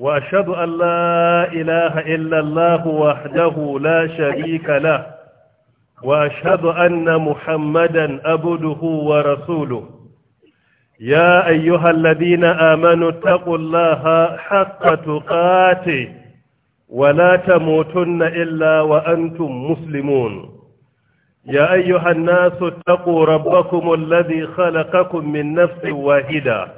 وأشهد أن لا إله إلا الله وحده لا شريك له وأشهد أن محمدا أبده ورسوله يا أيها الذين آمنوا اتقوا الله حق تقاته ولا تموتن إلا وأنتم مسلمون يا أيها الناس اتقوا ربكم الذي خلقكم من نفس واحده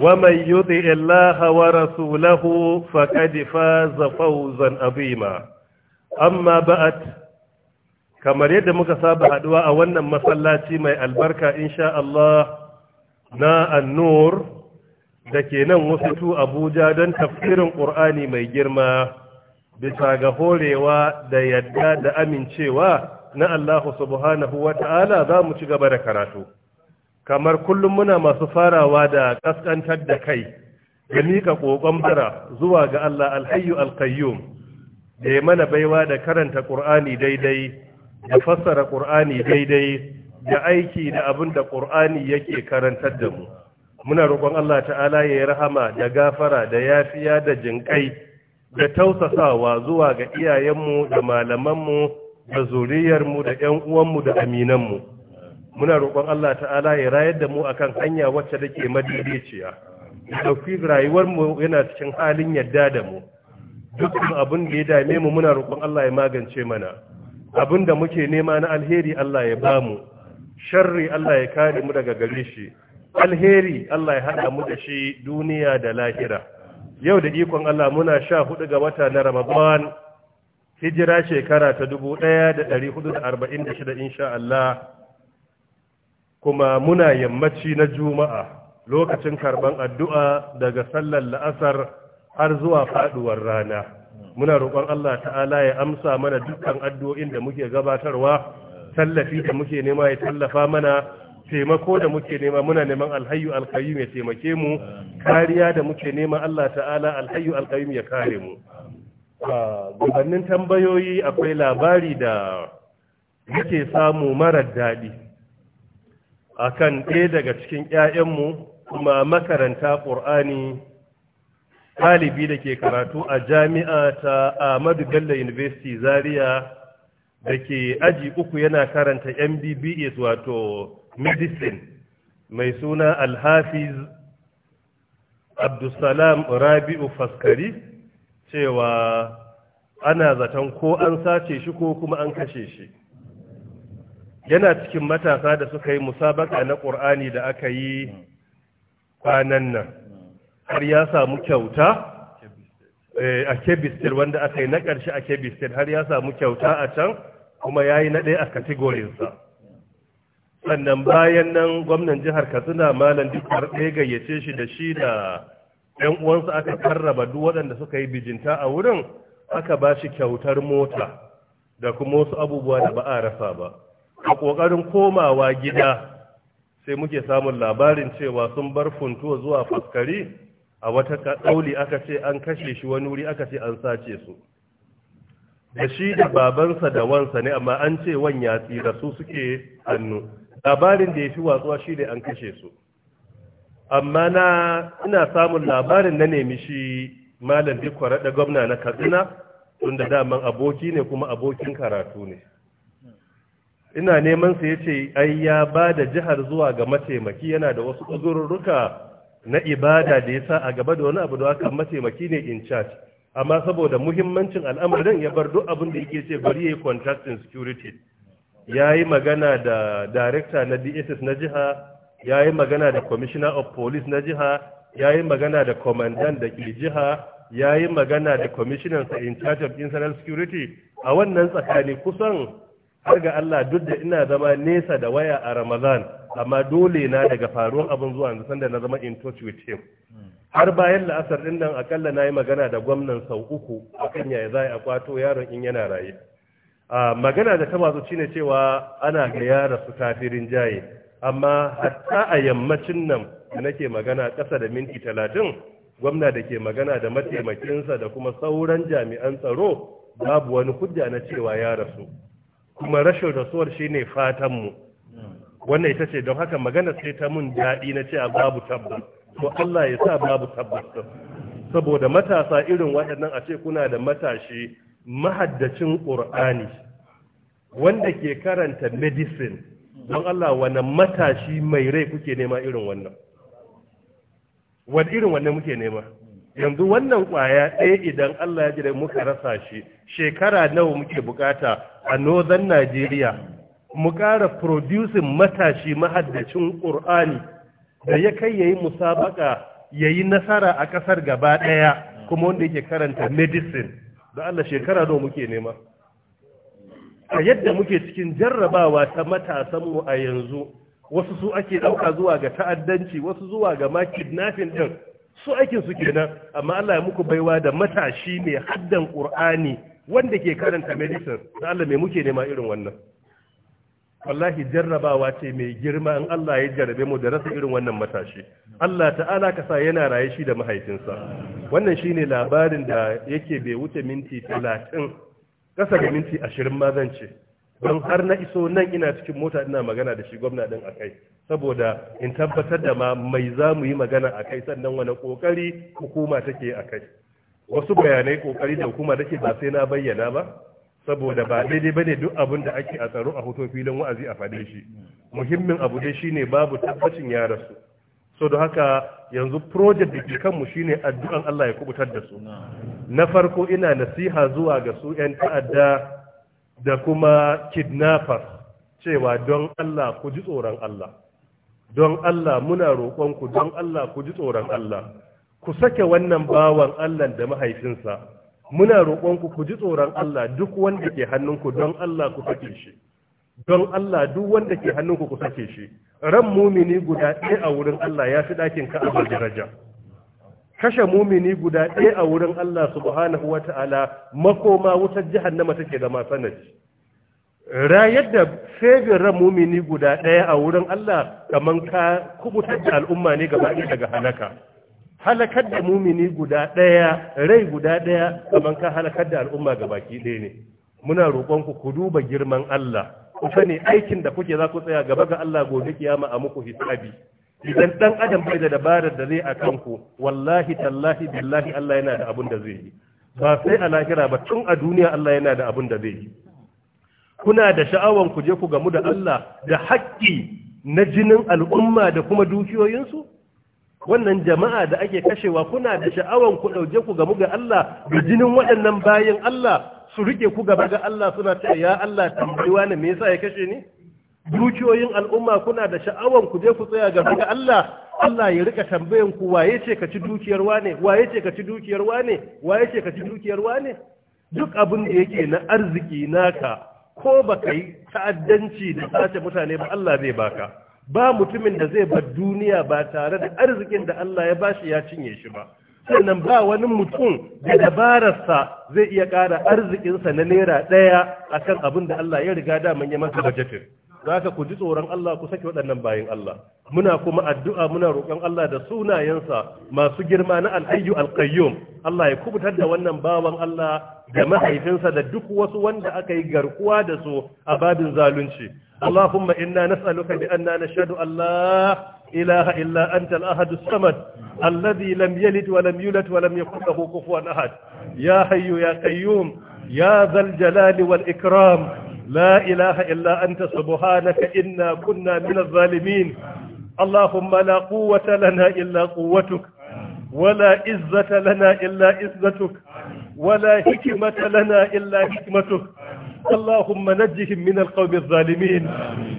ومن يطع الله ورسوله فقد فاز فوزا عظيما أما بعد kamar yadda muka saba haduwa a wannan masallaci mai albarka insha Allah na annur da ke nan wasu Abuja don tafsirin Ƙur'ani mai girma bisa ga horewa da yadda da amincewa na Allah subhanahu wa ta'ala za mu ci gaba da karatu. kamar kullum muna masu farawa da kaskantar da kai da mika kokon bara zuwa ga Allah alhayyu alqayyum da ya mana baiwa da karanta qur'ani daidai da fassara qur'ani daidai da aiki da abin da qur'ani yake karantar da mu muna roƙon Allah ta'ala ya yi rahama da gafara da yafiya da jinƙai da tausasawa zuwa ga iyayenmu da malamanmu da zuriyarmu da ƴan uwanmu da aminanmu muna roƙon Allah ta'ala ya rayar da mu akan hanya wacce take madaidaiciya dauki rayuwar mu yana cikin halin yadda da mu dukkan abin da ya dame mu muna roƙon Allah ya magance mana abin da muke nema na alheri Allah ya ba mu sharri Allah ya kare mu daga gare shi alheri Allah ya haɗa mu da shi duniya da lahira yau da ikon Allah muna sha huɗu ga wata na Ramadan hijira shekara ta 1446 insha Allah kuma muna yammaci na juma'a lokacin karban addu'a daga sallar la'asar har zuwa faɗuwar rana muna roƙon Allah ta'ala ya amsa mana dukkan addu'o'in da muke gabatarwa tallafi da muke nema ya tallafa mana taimako da muke nema muna neman alhayu alkayu ya taimake mu kariya da muke nema Allah ta'ala alhayu alkayu ya kare mu gabanin tambayoyi akwai labari da muke samu marar daɗi akan ɗaya daga cikin ‘ya'yanmu kuma makaranta ƙur'ani ɗalibi da ke karatu a jami'a ta Ahmadu Bello University Zaria da ke aji uku yana karanta MBBS wato medicine mai suna Alhafiz Abdulsalam Rabi'u Faskari cewa ana zaton ko an sace shi ko kuma an kashe shi. yana cikin matasa da suka yi musabaka na ƙur'ani da aka yi kwanan nan har ya samu kyauta eh, a kebistir wanda aka yi na ƙarshe a kebistir har ya samu kyauta a can kuma ya yi na ɗaya a katigorinsa sannan bayan nan gwamnan jihar katsina malam dukkan ɗaya gayyace shi da shi da ‘yan uwansa aka karraba duk waɗanda suka yi bijinta a wurin aka ba shi kyautar mota da kuma wasu abubuwa da ba a rasa ba a ƙoƙarin komawa gida sai muke samun labarin cewa sun bar funtuwa zuwa faskari a wata ɗauli aka ce an kashe shi wani wuri aka ce an sace su da shi da babansa da wansa ne amma an ce wan ya tsira su suke hannu labarin da ya fi watsuwa shi ne an kashe su amma na ina samun labarin na nemi shi malam bikwara da gwamna na katsina tunda daman aboki ne kuma abokin karatu ne ina neman sa yace ai ya ba da jihar zuwa ga mataimaki yana da wasu azururuka na ibada da yasa a gaba da wani abu da waka mataimaki ne in charge amma saboda muhimmancin al'amarin ya bar duk abin da yake ce bari yayi contracting security yayi magana da director na DSS na jiha yayi magana da commissioner of police na jiha yayi magana da commandant da ke jiha yayi magana da commissioner in charge of internal security a wannan tsakani kusan har ga Allah duk da ina zama nesa da waya a Ramadan amma dole na daga faruwar abin zuwa yanzu sanda na zama in touch with him har bayan la'asar din nan akalla na yi magana da gwamnan sau uku akan yaya za a kwato yaron in yana raye ah, magana da ta masu shine cewa ana ga yara su kafirin jaye amma hatta a yammacin nan da nake magana ƙasa da minti talatin gwamna da ke magana da mataimakinsa da kuma sauran jami'an tsaro babu wani hujja na cewa ya rasu kuma rashin rasuwar shine ne fatanmu wannan ita ce don haka magana sai ta mun daɗi na ce a babu tabbas to Allah ya sa babu tabbas saboda matasa irin waɗannan a ce kuna da matashi mahaddacin ƙur'ani wanda ke karanta medicine don Allah wani matashi mai rai kuke nema irin wannan wani irin wannan muke nema yanzu wannan kwaya ɗaya idan Allah ya jira muka rasa shi shekara nawa muke bukata a northern Nigeria mu ƙara producing matashi mahaddacin Qur'ani da ya kai yayi musabaka yayi nasara a ƙasar gaba ɗaya kuma wanda yake karanta medicine da Allah shekara nawa muke nema a yadda muke cikin jarrabawa ta matasanmu a yanzu wasu su ake ɗauka zuwa ga ta'addanci wasu zuwa ga ma kidnapping ɗin su aikin su kenan amma Allah ya muku baiwa da matashi mai haddan Qur'ani wanda ke karanta medicine Na Allah mai muke nema irin wannan wallahi jarrabawa ce mai girma in Allah ya jarrabe mu da rasa irin wannan matashi Allah ta'ala ka sa yana raye shi da mahaifinsa wannan shine labarin da yake bai wuce minti 30 kasa ga minti 20 ma zan ce don har na iso nan ina cikin mota ina magana da shi gwamna din a kai saboda in tabbatar da ma mai za mu yi magana a kai sannan wani kokari hukuma take a kai wasu bayanai kokari da hukuma take ba sai na bayyana ba saboda ba daidai ba ne duk abin da ake a tsaro a hoto filin wa'azi a fadin shi muhimmin abu dai shine babu tabbacin ya rasu so da haka yanzu project da ke kanmu shine addu'an Allah ya kubutar da su na farko ina nasiha zuwa ga su 'yan ta'adda da kuma kidnappers cewa don Allah ku ji tsoron Allah don Allah muna roƙonku don Allah ku ji tsoron Allah ku sake wannan bawan Allah da mahaifinsa muna roƙonku ku ji tsoron Allah duk wanda ke hannunku don Allah ku sake shi don Allah duk wanda ke hannunku ku sake shi ran mumini guda ɗaya a wurin Allah ya fi ɗakin ka ka'abar daraja kashe mumini guda ɗaya a wurin Allah subhanahu ta'ala makoma wutar jahannama take zama sanadi rayar da febin ran mumini guda ɗaya a wurin Allah kamar ka kubutar da al'umma ne gaba ɗaya daga halaka halakar da mumini guda ɗaya rai guda ɗaya kamar ka halakar da al'umma baki ɗaya ne muna roƙonku ku duba girman Allah ku sani aikin da kuke za ku tsaya gaba ga Allah gobe kiyama a muku hisabi idan dan adam bai da dabarar da zai akan ku wallahi tallahi billahi Allah yana da abun da zai yi ba sai a lahira ba tun a duniya Allah yana da abun da zai yi kuna da sha'awan ku je ku gamu da Allah da haƙƙi na jinin al'umma da kuma dukiyoyinsu wannan jama'a da ake kashewa kuna da sha'awan ku ɗauje ku gamu ga Allah da jinin waɗannan bayan Allah su rike ku gaba ga Allah suna ta ya Allah tambayiwa ne me yasa ya kashe ni dukiyoyin al'umma kuna da sha'awan ku je ku tsaya ga ga Allah Allah ya rika tambayan ku waye ce ka ci dukiyar wane waye ce ka ci dukiyar wane waye ce ka ci dukiyar wane duk abin da yake na arziki naka ko baka yi ta'addanci da sace mutane ba Allah zai baka ba mutumin da zai bar duniya ba tare da arzikin da Allah ya bashi ya cinye shi ba sannan ba wani mutum da dabararsa zai iya ƙara arzikinsa na naira ɗaya akan abin da Allah ya riga daman ya masa bajetin zaka ku ji tsoron Allah ku saki waɗannan bayan Allah muna kuma addu'a muna roƙon Allah da sunayensa masu girma na al'ayyu alqayyum Allah ya kubutar da wannan bawan Allah da mahaifinsa da duk wasu wanda aka yi garkuwa da su a babin zalunci Allahumma inna nas'aluka bi anna nashhadu an la ilaha illa anta al-ahad as-samad alladhi lam yalid wa lam yulad wa lam yakul lahu kufuwan ahad ya hayyu ya qayyum ya dhal jalali wal ikram لا إله إلا أنت سبحانك إنا كنا من الظالمين اللهم لا قوة لنا إلا قوتك ولا عزة لنا إلا عزتك ولا حكمة لنا إلا حكمتك اللهم نجهم من القوم الظالمين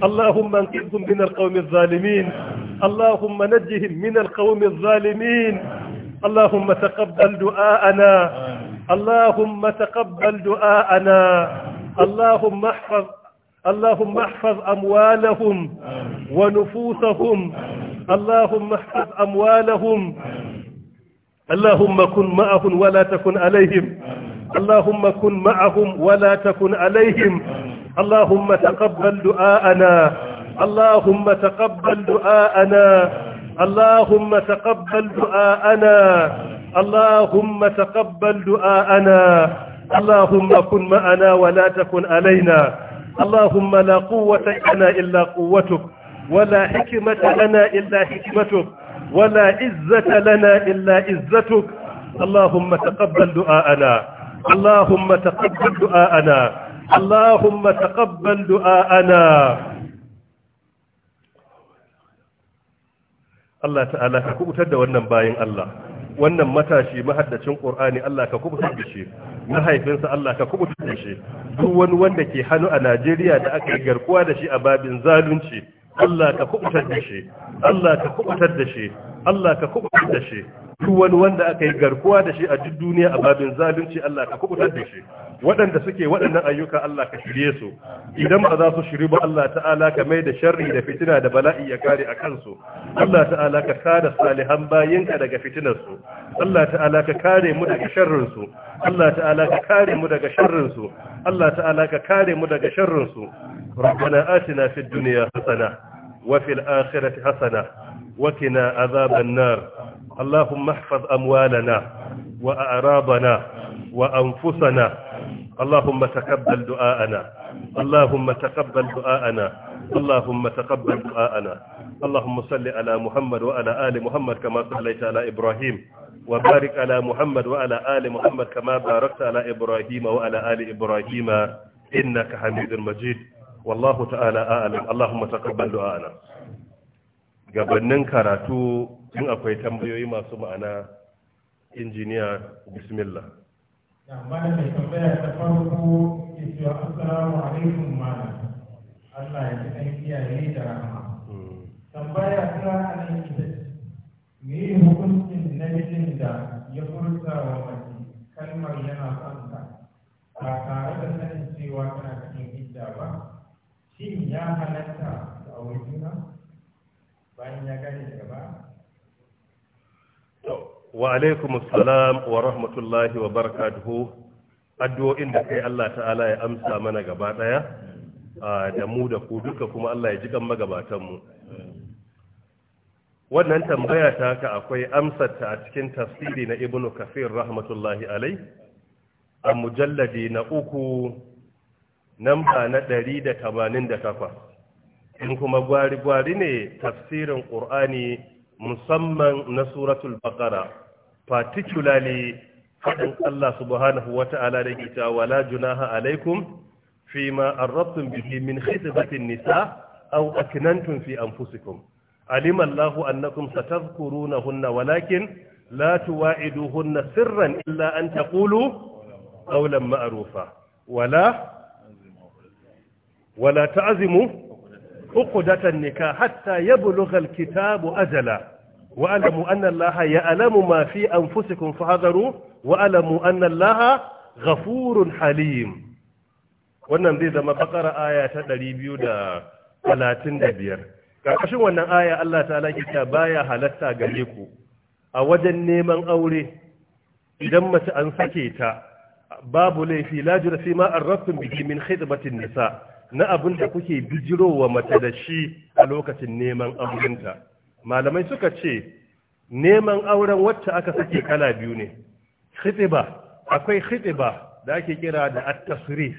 اللهم انقذهم من القوم الظالمين اللهم نجهم من القوم الظالمين اللهم تقبل دعاءنا اللهم تقبل دعاءنا اللهم احفظ اللهم احفظ أموالهم ونفوسهم اللهم احفظ أموالهم اللهم كن معهم ولا تكن عليهم اللهم كن معهم ولا تكن عليهم اللهم تقبل دعاءنا اللهم تقبل دعاءنا اللهم تقبل دعاءنا اللهم تقبل دعاءنا اللهم كن معنا ولا تكن علينا اللهم لا قوة لنا إلا قوتك ولا حكمة لنا إلا حكمتك ولا عزة لنا إلا عزتك اللهم تقبل دعاءنا اللهم تقبل دعاءنا اللهم تقبل دعاءنا Allah ta'ala ka kubutar da wannan bayan Allah wannan matashi mahaddacin qur'ani Allah ka kubuta da shi mahaifinsa Allah ka kubuta da shi duk wani wanda ke hannu a Najeriya da aka yi garkuwa da shi a babin zalunci Allah ka kubuta da shi Allah ka kubuta da shi Allah ka kubutar da shi duk wani wanda aka yi garkuwa da shi a duk duniya a babin zalunci Allah ka kubutar da shi waɗanda suke waɗannan ayyuka Allah ka shirye su idan ba za su shiri ba Allah ta'ala ka mai da sharri da fitina da bala'i ya kare a kansu Allah ta'ala ka kare salihan bayinka daga fitinar Allah ta'ala ka kare mu daga sharrinsu. Allah ta'ala ka kare mu daga sharrinsu. Allah ta'ala ka kare mu daga sharrin ربنا آتنا في الدنيا حسنة وفي الآخرة حسنة وقنا عذاب النار اللهم احفظ أموالنا وأعراضنا وأنفسنا اللهم تقبل دعاءنا اللهم تقبل دعاءنا اللهم تقبل دعاءنا اللهم صل على محمد وعلى آل محمد كما صليت على إبراهيم وبارك على محمد وعلى آل محمد كما باركت على إبراهيم وعلى آل إبراهيم إنك حميد مجيد والله تعالى أعلم اللهم تقبل دعاءنا gabannin karatu in akwai tambayoyi masu ma'ana injiniya bismillah mai tambaya ta farko ke cewa assalamu alaikum malam Allah ya ji ɗan iyaye da rahama hmm. tambaya ta anan ita me hukuncin namijin da ya furta wa mace kalmar yana son ba tare da sanin cewa tana cikin idda ba shin ya halatta wa alaikum assalam wa rahmatullahi wa barakatuhu addu'o'in da kai Allah ta'ala ya amsa mana gaba daya da mu da ku duka kuma Allah ya ji kan magabatan mu wannan tambaya ta ka akwai amsar ta a cikin tafsiri na ibnu kafir rahmatullahi alai a mujalladi na uku namba na 188 in kuma gwari-gwari ne tafsirin ƙur'ani musamman na suratul baqara particularly faɗin Allah subhanahu wa ta'ala da Gita. wala junaha alaikum fi ma arrabtum bihi min khitbatin nisa aw aknantum fi anfusikum alima Allah annakum satadhkurunahunna walakin لا تواعدوهن sirran إلا أن تقولوا قولا معروفا Wala ولا تعزموا uqdatan nikah hatta yablugha alkitab ajala wa alamu anna allaha ya'lamu ma fi anfusikum fahdharu wa alamu anna allaha ghafurun halim wannan zai zama bakara aya ta 235 karkashin wannan aya Allah ta'ala ke ta baya halarta gare ku a wajen neman aure idan mace an sake ta babu laifi la jura fi ma arrafin biki min khidmatin nisa na abin da kuke bijirowa mace da shi a lokacin neman aurenta malamai suka ce neman auren wacce aka sake kala biyu ne khitiba akwai khitiba da ake kira da at-tasrif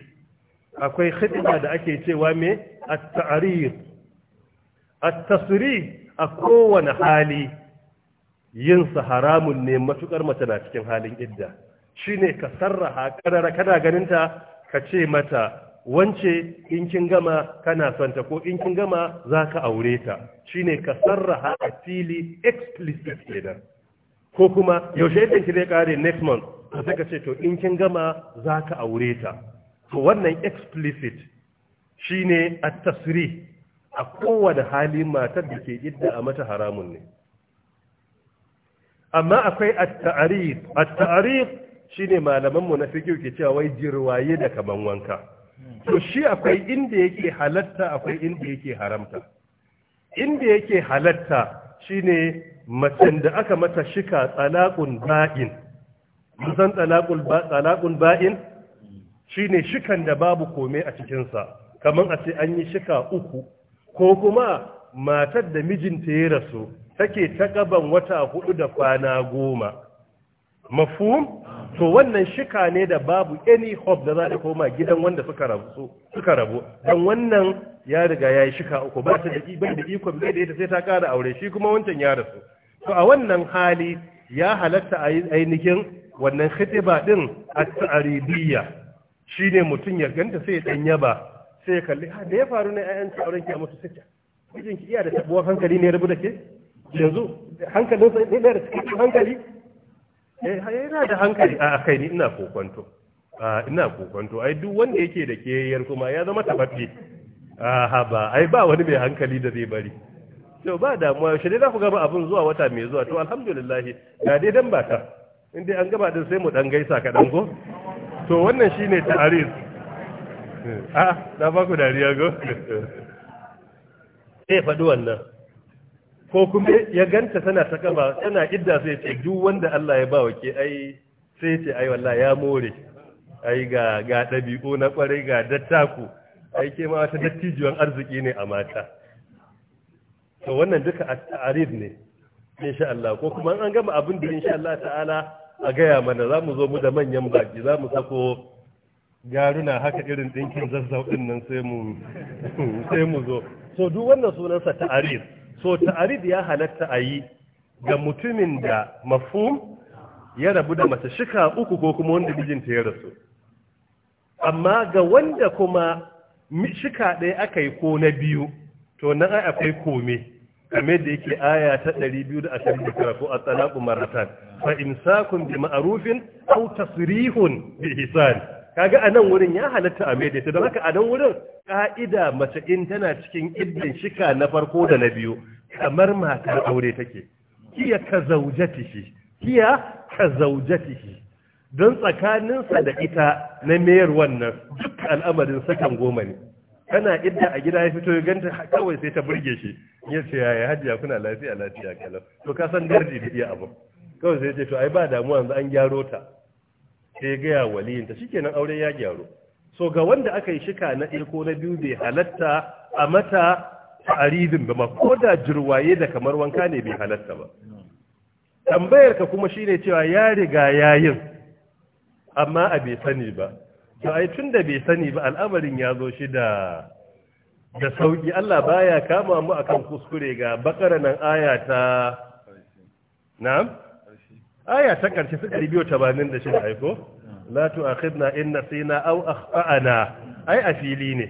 akwai khitiba da ake cewa me at-ta'rif at-tasrif a kowane hali yin sa haramun ne matukar mace na cikin halin idda shine ka sarraha kadara kana ganinta ka ce mata wance in kin gama kana santa ko in kin gama za ka aure ta shine ka sarraha a fili explicit kenan ko kuma yaushe idan ki zai kare next month sai ka ce to in kin gama za ka aure ta to wannan explicit shine a tasri a kowane hali matar da ke idda a mata haramun ne amma akwai at-ta'arif at-ta'arif shine malaman mu na fiqh ke cewa wai jirwaye da kaman wanka to shi akwai inda yake halatta akwai inda yake haramta inda yake halatta shine macen da aka mata shika talaqun ba'in mun san talaqul ba talaqun ba'in shine shikan da babu kome a cikin sa kaman a ce an yi shika uku ko kuma matar da mijinta ya rasu take ta gaban wata hudu da kwana goma mafhum to wannan shika ne da babu any hope da za a koma gidan wanda suka rabu suka rabu dan wannan ya riga ya yi shika uku ba ta da iban da iko bai da ita sai ta kara aure shi kuma wancan ya rasu to a wannan hali ya halatta a ainihin wannan khitiba din at-ta'ribiyya shine mutun ya ganta sai ya danya ba sai ya kalli ha da ya faru ne ayyan auren ki a musu sita mijinki iya da tabuwa hankali ne rubu da ke yanzu hankalin ne da cikin hankali eh yana da hankali a kai ni ina kokonto ina kokonto ai duk wanda yake da keyar kuma ya zama tababbe ha ba ai ba wani mai hankali da zai bari to ba damuwa shi dai za ku gama abin zuwa wata mai zuwa to alhamdulillah ga dai dan baka in dai an gaba din sai mu dan gaisa ka dan go to wannan shine ta'arif eh, a na ba ku dariya go eh faɗi wannan ko kuma ya ganta tana ta kama tana idda sai ce duk wanda Allah ya ba wa ke ai sai ce ai wallahi ya more ai ga ga dabi'u na kware ga dattaku ai ke ma wata dattijuwan arziki ne a mata to wannan duka arif ne insha Allah ko kuma an gama abin da insha Allah ta'ala a gaya mana za mu zo mu da manyan baki za mu sako garuna haka irin dinkin zazzau din nan sai mu sai mu zo so duk wannan sunansa ta'arif so ta'arid ya halatta a yi ga mutumin da mafhum ya rabu da mace shika uku ko kuma wanda mijinta ya rasu amma ga wanda kuma shika ɗaya aka yi ko na biyu to nan ai akwai kome kame da yake aya ta da 229 ko a tsanaku maratan fa imsakun bi ma'arufin aw tasrihun bi ihsan kaga a nan wurin ya halatta a mai da haka a nan wurin ka'ida mace in tana cikin iddin shika na farko da na biyu kamar matar aure take kiya ka zaujatihi kiya ka zaujatihi don tsakaninsa da ita na mayar wannan duk al'amarin sakan goma ne kana idda a gida ya fito ya ganta kawai sai ta burge shi ya ce yaya hajiya kuna lafiya lafiya kalau to ka san gardi da iya abu kawai sai ce to ai ba damuwa yanzu an gyaro ta sai gaya waliyinta kenan aure ya gyaru so ga wanda aka yi shika na irko na biyu bai halatta a mata ta'aridin ba ma ko da jirwaye da kamar wanka ne bai halatta ba tambayar ka kuma shine cewa ya riga yayin amma a bai sani ba to ai tun da bai sani ba al'amarin ya zo shi da da sauki Allah baya kama mu akan kuskure ga bakara nan aya ta na'am aya ta karshe su 286 aiko la tu'akhidna in nasina aw akhtana ai a fili ne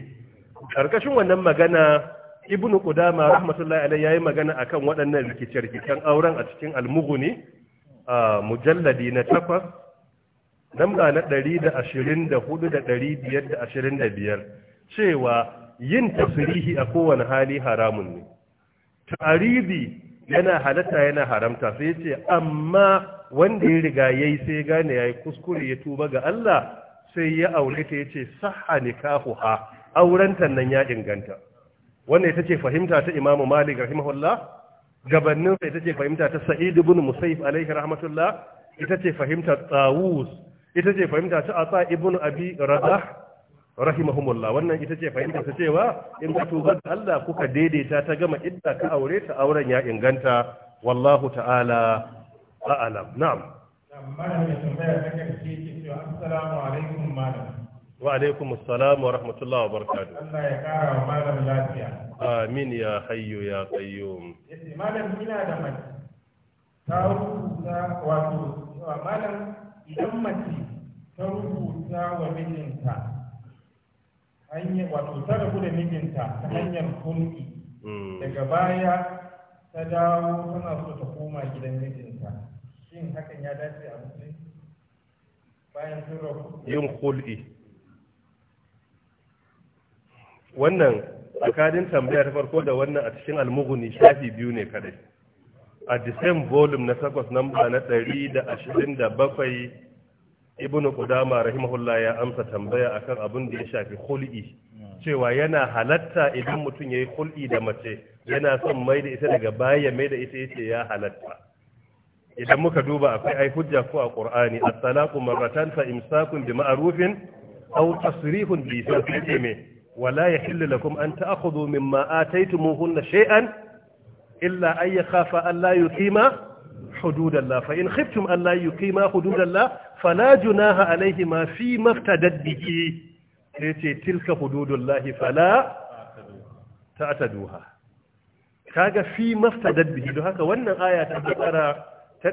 karkashin wannan magana ibnu qudama rahmatullahi alayhi yayi magana akan waɗannan rikice-rikicen auren a cikin al-mughni a mujalladi na 8 lamba na 124 da 525 cewa yin tasrihi a kowane hali haramun ne ta'aridi yana halatta yana haramta sai ya ce amma wanda ya riga ya yi sai ya gane ya yi kuskure ya tuba ga Allah sai ya aure ta ya ce saha kahu ha aurenta nan ya inganta wanda ita ce fahimta ta imamu malik rahimahullah gabanin sai ita ce fahimta ta sa'id ibn musayyib alaihi rahmatullah ita ce fahimta tsawus ita ce fahimta ta asa ibn abi radah rahimahumullah wannan ita ce fahimtar ta cewa in ka tuba da Allah kuka daidaita ta gama idda ka aure ta auren ya inganta wallahu ta'ala a'lam na'am malam ya tambaya ta karshe ke cewa assalamu alaikum malam wa alaikum assalam wa rahmatullahi wa barakatuh Allah ya kara wa malam lafiya amin ya hayyu ya qayyum yace malam ina da mace ta rubuta wato malam idan mace ta rubuta wa mijinta hanyar wato ta rabu da mijinta ta mm. hanyar hulki mm. daga baya ta dawo tana so ta koma gidan mijinta shin hakan ya dace a musulunci bayan sun rabu yin hulki wannan tsakanin tambayar farko da wannan a cikin almuguni shafi biyu ne kadai a the same volume na takwas namba na ɗari da ashirin da bakwai ibn qudama rahimahullah ya amsa tambaya akan abin da ya shafi khul'i cewa yana halatta idan mutum yayi khul'i da mace yana son mai da ita daga baya mai da ita yace ya halatta idan muka duba akwai ai hujja ko a qur'ani at-talaqu marratan fa imsakun bi ma'rufin aw tasrihun bi ihsan me wala yahillu lakum an ta'khudhu mimma ataytumuhunna shay'an illa ay khafa an la yuqima حدود الله فإن خفتم أن لا يقيما حدود الله فلا جناها عليهما فيما افتدت به تلك حدود الله فلا تعتدوها kaga fi maftadad bihi don haka wannan aya ta tsara ta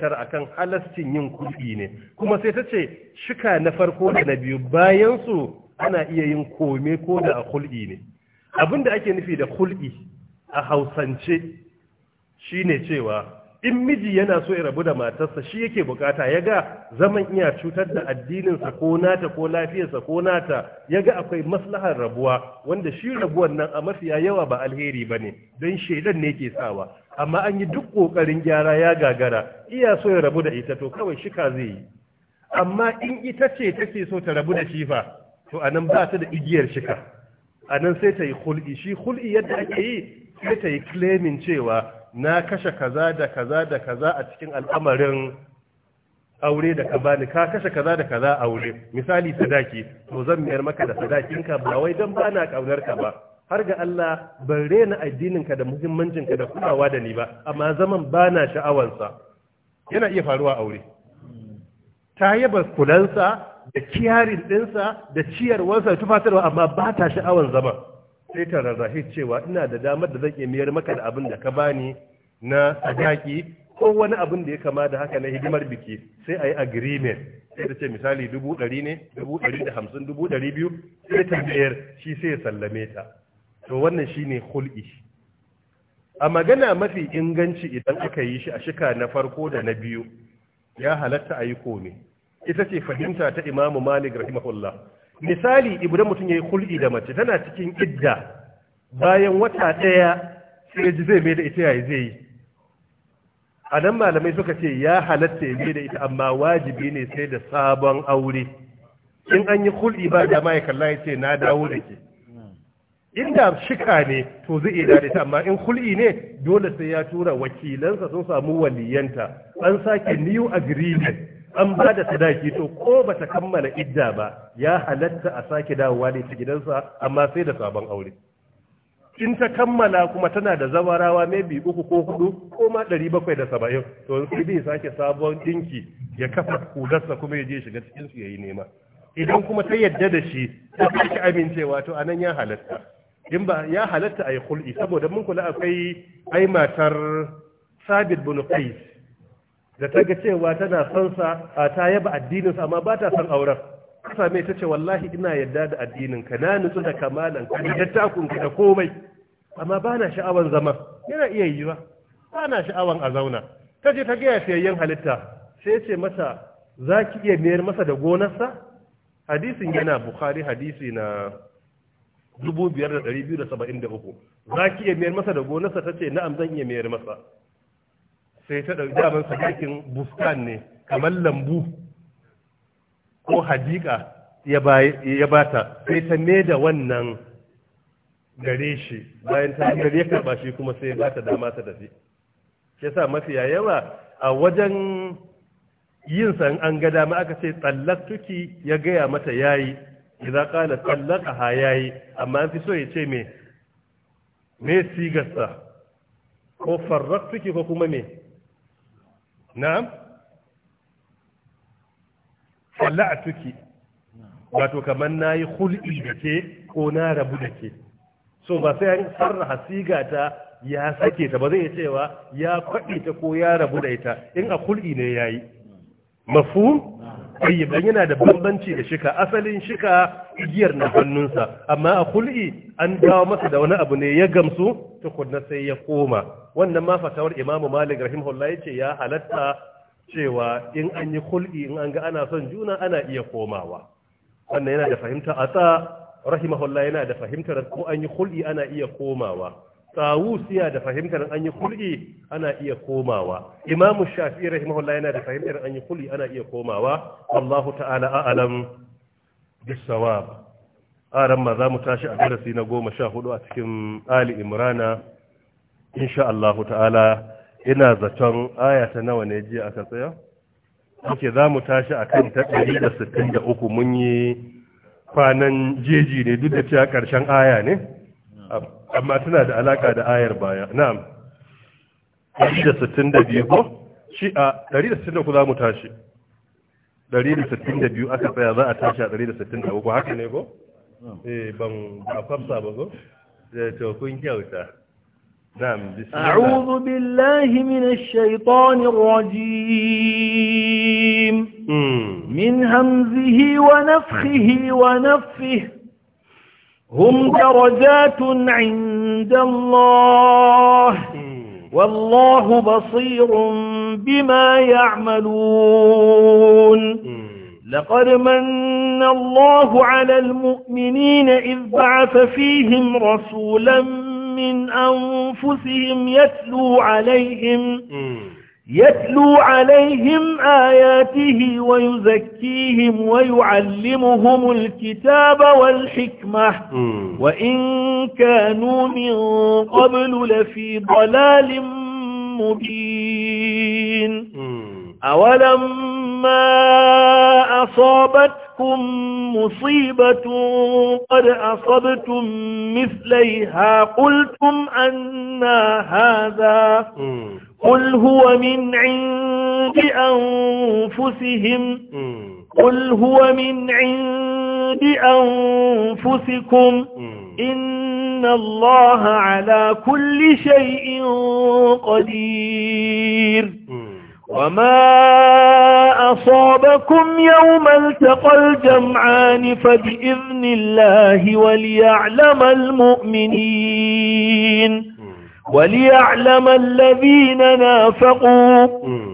tara akan halascin yin kuɗi ne kuma sai ta ce shika na farko da na biyu bayan su ana iya yin kome ko da a kul'i ne da ake nufi da kul'i a hausance shine cewa in miji yana so ya rabu da matarsa shi yake bukata ya ga zaman iya cutar da addininsa ko nata ko lafiyarsa ko nata ya ga akwai maslahar rabuwa wanda shi rabuwan nan a mafiya yawa ba alheri ba ne don shaidan ne ke sawa amma an yi duk ƙoƙarin gyara ya gagara iya so ya rabu da ita to kawai shika zai yi amma in ita ce take so ta rabu da shi fa to anan ba ta da igiyar shika anan sai ta yi hul'i shi hulɗi yadda ake yi sai ta yi claiming cewa na kashe kaza da kaza da kaza a cikin al'amarin aure da ka bani ka kashe kaza da kaza a aure misali sadaki to zan miyar maka da sadakinka ba wai dan bana kaunar ka ba har ga Allah ban rena addininka da muhimmancinka da kulawa da ni ba amma zaman bana sha'awansa yana iya faruwa aure ta yaba kulansa da kiyarin ɗinsa da ciyarwarsa tufatarwa amma ba ta sha'awan zaman sai ta rarrahi cewa ina da damar da zan iya miyar maka da abin da ka bani na sadaki ko wani abin da ya kama da haka na hidimar biki sai a yi agreement sai ta ce misali dubu ɗari ne dubu ɗari da hamsin dubu ɗari biyu sai ta biyar shi sai ya sallame ta to wannan shi ne hul'i a magana mafi inganci idan aka yi shi a shika na farko da na biyu ya halatta a yi kome ita ce fahimta ta imamu malik rahimahullah misali idan mutum ya yi hulɗi da mace tana cikin idda bayan wata ɗaya sai ji zai mai da ita yayi zai yi a nan malamai suka ce ya halatta ya mai da ita amma wajibi ne sai da sabon aure in an yi hulɗi ba da ma ya kalla ya ce na dawo da ke inda shika ne to zai iya da ita amma in hulɗi ne dole sai ya tura wakilansa sun samu waliyanta an sake new agreement an ba da sadaki to ko ba ta kammala idda ba ya halatta a sake dawowa ne ta gidansa amma sai da sabon aure in ta kammala kuma tana da zawarawa maybe uku ko hudu ko ma ɗari bakwai da saba'in to sai bai sake sabon ɗinki ya kafa kudarsa kuma ya je shiga cikin su yayi nema idan kuma ta yadda da shi ta sake amincewa to anan ya halatta in ba ya halatta a yi saboda mun kula akwai ai matar sabit bin qais da ta ga cewa tana son sa a ta yaba addininsa amma ba ta son auren ka same ta ce wallahi ina yadda da addinin ka na nutsu da kamalan ka da takun ka da komai amma ba na sha'awan zama yana iya yiwa ba na sha'awan a zauna ta ce ta gaya sayayyen halitta sai ce masa za ki iya mayar masa da gonarsa hadisin yana bukhari hadisi na uku. za ki iya mayar masa da gonarsa ta ce na'am zan iya mayar masa sai ta ɗauki daman sadakin buskan ne kamar lambu ko hadika ya bata sai ta me da wannan gare shi bayan ta gare ya karɓa shi kuma sai ba ta dama ta tafi shi sa mafi yawa a wajen yin san an ga dama aka ce tsallaktuki ya gaya mata yayi idan kala tsallaka ha yayi amma an fi so ya ce me me sigarsa ko farraktuki ko kuma me na'am tuki. wato kamar nayi hul'i da ke ko na rabu da ke so ba sai an sarraha siga ta ya sake ta ba zai cewa ya kwaɗe ta ko ya rabu da ita in a hul'i ne yayi mafhum tayyib yana da bambanci da shika asalin shika igiyar na hannunsa amma a kulki an dawo masa da wani abu ne ya gamsu tukunna sai ya koma wannan ma fatawar imamu Malik rahimahullah ce ya halatta cewa in an yi kulki, in an ga ana son juna ana iya komawa wannan yana da fahimta asa rahimahullah yana da fahimtar ko an yi kulki, ana iya komawa tawusiya da fahimtar an yi kul'i ana iya komawa imamu Shafi rahimahullah yana da fahimtar an yi kul'i ana iya komawa Allahu ta'ala a'lam bisawab aran ma za mu tashi a darasi na goma sha hudu a cikin ali imrana insha Allahu ta'ala ina zaton aya ta nawa ne jiya aka tsaya ake za mu tashi a kan ta 163 mun yi kwanan jeji ne duk da cewa karshen aya ne amma tana da alaka da ayar baya na'am 162 ko shi a 163 za mu tashi 162 aka tsaya za a tashi a 163 haka ne ko eh ban a kwafsa ba ko eh, to kun kyauta na'am a'udhu billahi minash shaitanir rajim hmm. min hamzihi wa nafthihi wa nafthihi هم درجات عند الله والله بصير بما يعملون لقد من الله على المؤمنين إذ بعث فيهم رسولا من أنفسهم يتلو عليهم يتلو عليهم آياته ويزكيهم ويعلمهم الكتاب والحكمة وإن كانوا من قبل لفي ضلال مبين أولما أصابتكم مصيبة قد أصبتم مثليها قلتم أنا هذا م. قل هو من عند أنفسهم قل هو من عند أنفسكم إن الله على كل شيء قدير وما أصابكم يوم التقى الجمعان فبإذن الله وليعلم المؤمنين وليعلم الذين نافقوا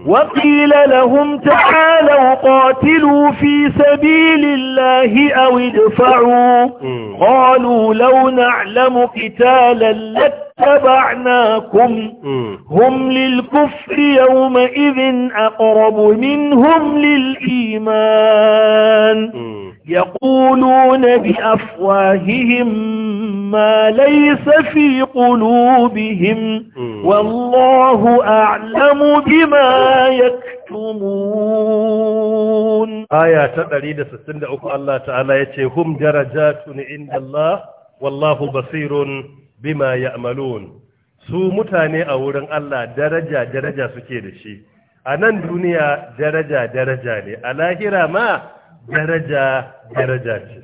وقيل لهم تعالوا قاتلوا في سبيل الله أو ادفعوا قالوا لو نعلم قتالا لاتبعناكم هم للكفر يومئذ أقرب منهم للإيمان يقولون بأفواههم ما ليس في قلوبهم والله أعلم بما يكتمون آية تقريد ستند أكو الله تعالى يتهم درجات عند الله والله بصير بما يأملون su mutane a wurin Allah daraja-daraja suke da shi a nan duniya daraja-daraja ne a lahira ma daraja daraja ce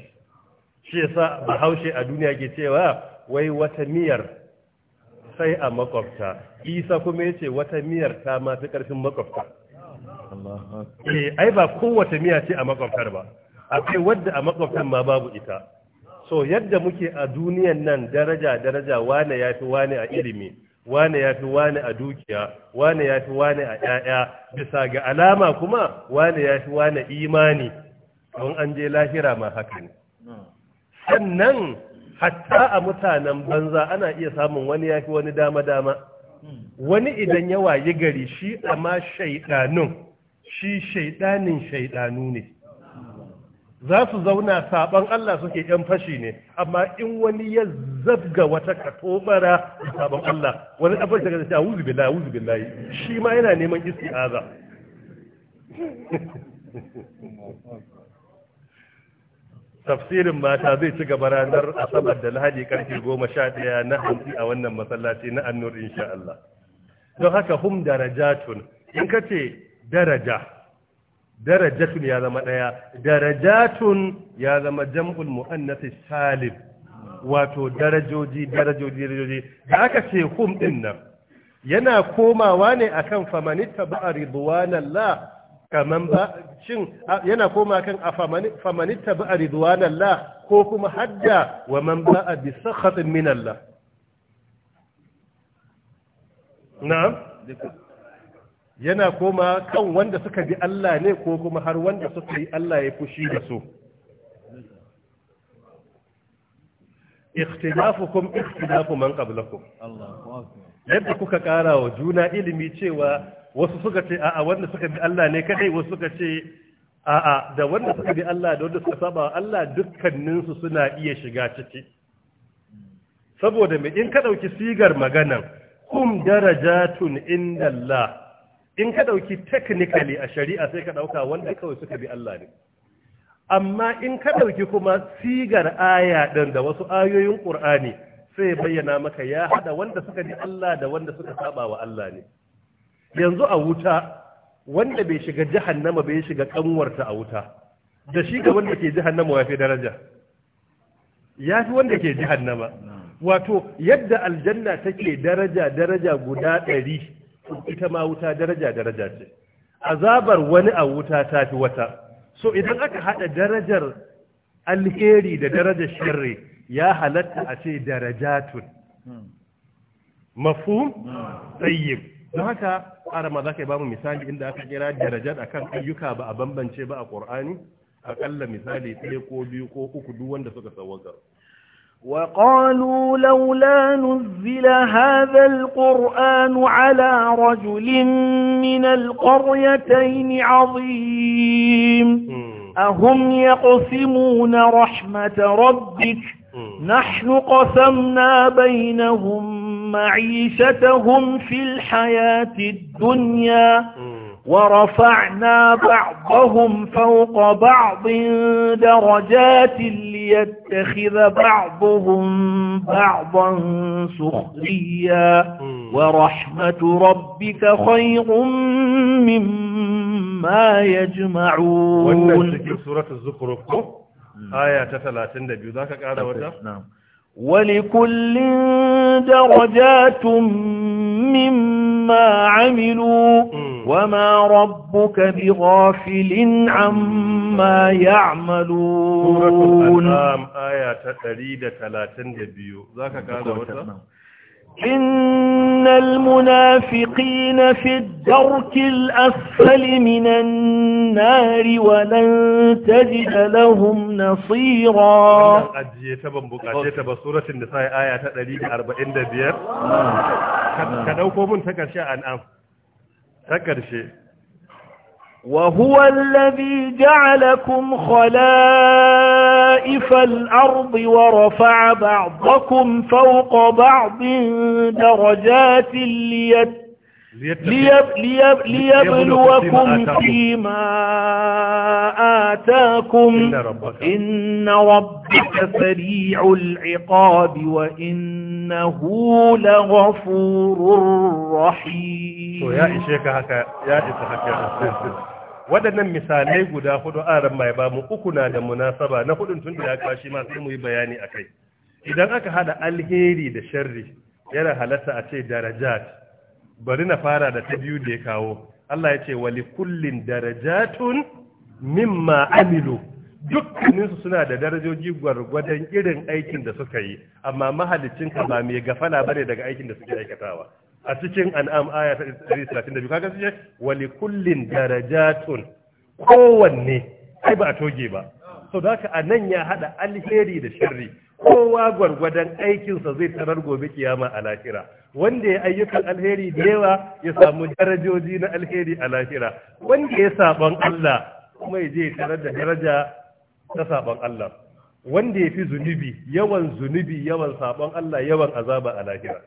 shi yasa bahaushe a duniya ke cewa wai wata miyar sai a makwabta isa kuma yace wata miyar ta mafi ƙarfin makwabta eh ai ba kowace miya ce a makwabtar ba akwai wadda a makwabtar ma babu ita so yadda muke a duniyan nan daraja daraja wane ya fi wane a ilimi wane ya fi wane a dukiya wane ya fi wane a 'ya'ya bisa ga alama kuma wane ya fi wane imani don an je lahira ma haka ne sannan hatta a mutanen banza ana iya samun wani ya wani dama-dama hmm. wani idan ya wayi gari shi amma shaidanun shi shaidanin shaidanu ne za su zauna saban Allah suke yan fashi ne amma in wani ya zabga wata katobara saban Allah wani abin da zai wuzu billahi wuzu shi ma yana neman isti'aza tafsirin mata zai ci gaba ranar asabar da lahadi karfe goma sha ɗaya na hantsi a wannan masallaci na annur insha Allah don haka hum tun in ka ce daraja darajatun ya zama ɗaya darajatun ya zama jam'ul mu'annas salim wato darajoji darajoji darajoji da aka ce hum ɗin nan yana komawa ne akan famanitta a ridwanallah kaman ba shin yana koma kan famanita ba a ridwanallah ko kuma hadda wa man ba a bi sakhatin min Allah yana koma kan wanda suka bi Allah ne ko kuma har wanda suka yi Allah ya fushi da su ikhtilafukum ikhtilafu man qablakum yadda kuka kara wa juna ilimi cewa wasu suka ce a'a wanda suka bi Allah ne kadai wasu suka ce a'a da wanda suka bi Allah da wanda suka saba Allah dukkaninsu suna iya shiga ciki saboda me in ka dauki sigar maganan kum darajatun inda Allah in ka dauki technically a shari'a sai ka dauka wanda kawai suka bi Allah ne amma in ka dauki kuma sigar aya din da wasu ayoyin Qur'ani sai bayyana maka ya hada wanda suka bi Allah da wanda suka saba wa Allah ne yanzu a wuta wanda bai shiga jahannama bai shiga kanwarta a wuta da shi ga wanda ke jahannama ya fi daraja ya fi wanda ke jahannama wato yadda aljanna take daraja daraja guda ɗari ita ma wuta daraja daraja ce azabar wani a wuta ta fi wata so idan aka haɗa darajar alheri da darajar shirri ya halatta a ce darajatun hmm. mafhum hmm. tayyib don haka arama za ka ba mu misali inda aka kira a kan ayyuka ba a bambance ba a ƙur'ani aƙalla misali ɗaya ko biyu ko uku duk wanda suka sawwaka وقالوا لولا نزل هذا القرآن على رجل من القريتين عظيم أهم يقسمون رحمة ربك نحن قسمنا بينهم معيشتهم في الحياة الدنيا ورفعنا بعضهم فوق بعض درجات ليتخذ بعضهم بعضا سخريا ورحمة ربك خير مما يجمعون والنسك سورة الزخرف aya ta 32 zaka ƙara wata ولكل درجات مما عملوا وما ربك بغافل عما يعملون آية الأنعام آية 132 ذاك قال إن المنافقين في الدرك الأسفل من النار ولن تجد لهم نصيرا سورة النساء آية تدريج أربعين دبير كدوكم تكرشي عن أم تكرشي وهو الذي جعلكم خلائف الأرض ورفع بعضكم فوق بعض درجات ليتقوا ليبلوكم فيما آتاكم إن ربك سريع العقاب وإنه لغفور رحيم يا إشيك هكا يا إشيك waɗannan misalai guda hudu ran mai ba mu uku na da munasaba na hudun tun da ya kwashi ma mu yi bayani kai. idan aka hada alheri da sharri yana halatta a ce darajat bari na fara da ta biyu da ya kawo Allah ya ce wali kullin darajatun mimma amilu dukkaninsu suna da darajoji gwargwadon irin aikin da suka yi amma mahalicin ka ba mai gafala bane daga aikin da suke aikatawa a cikin an'am aya ta 132 kaga sai wali kullin darajatun kowanne ai ba a toge ba so da a nan ya hada alheri da sharri kowa gwargwadon aikinsa zai tarar gobe kiyama a lahira wanda ya ayyukan alheri da yawa ya samu darajoji na alheri a lahira wanda ya saban Allah kuma ya je tare da daraja ta saban Allah wanda ya fi zunubi yawan zunubi yawan saban Allah yawan azaba a lahira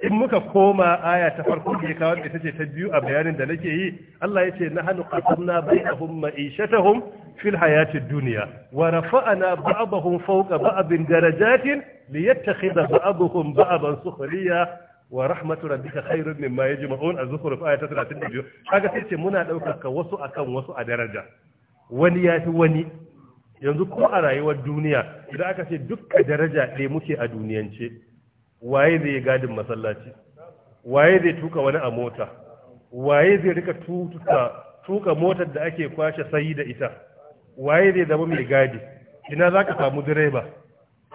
in muka koma aya ta farko da kawo ita ce ta biyu a bayanin da nake yi Allah ya ce nahnu qasamna bainahum ma'ishatahum fil hayatid dunya wa rafa'na ba'dahum fawqa ba'din darajatin liyattakhidha ba'dhum ba'dan sukhriya wa rahmatu rabbika khairun mimma yajma'un az-zukhruf ayat 32 kaga sai ce muna daukar ka wasu akan wasu a daraja wani yafi wani yanzu ko a rayuwar duniya idan aka ce dukkan daraja ɗaya muke a duniyance waye zai yi gadin masallaci waye zai tuka wani a mota waye zai rika tuka tuka motar da ake kwashe sayi da ita waye zai zama mai gadi ina zaka samu direba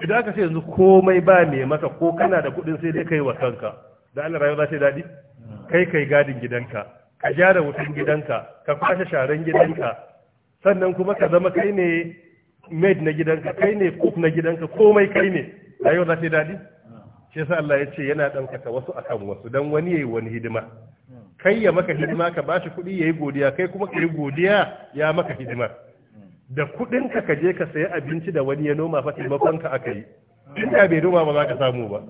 idan aka ce yanzu komai ba ne maka ko kana da kuɗin sai dai kai wa kanka da Allah rayuwa za ta kai kai gadin gidanka ka gyara wutan gidanka ka kwashe sharan gidanka sannan kuma ka zama kai ne maid na gidanka kai ne cook na gidanka komai kai ne rayuwa za ta daɗi shi yasa Allah ya ce yana ɗaukaka wasu akan wasu dan wani yayi wani hidima kai ya maka hidima ka bashi kuɗi yayi godiya kai kuma ka yi godiya ya maka hidima da kudin ka kaje ka sayi abinci da wani ya noma fa taimakon ka aka yi inda bai noma ba za ka samu ba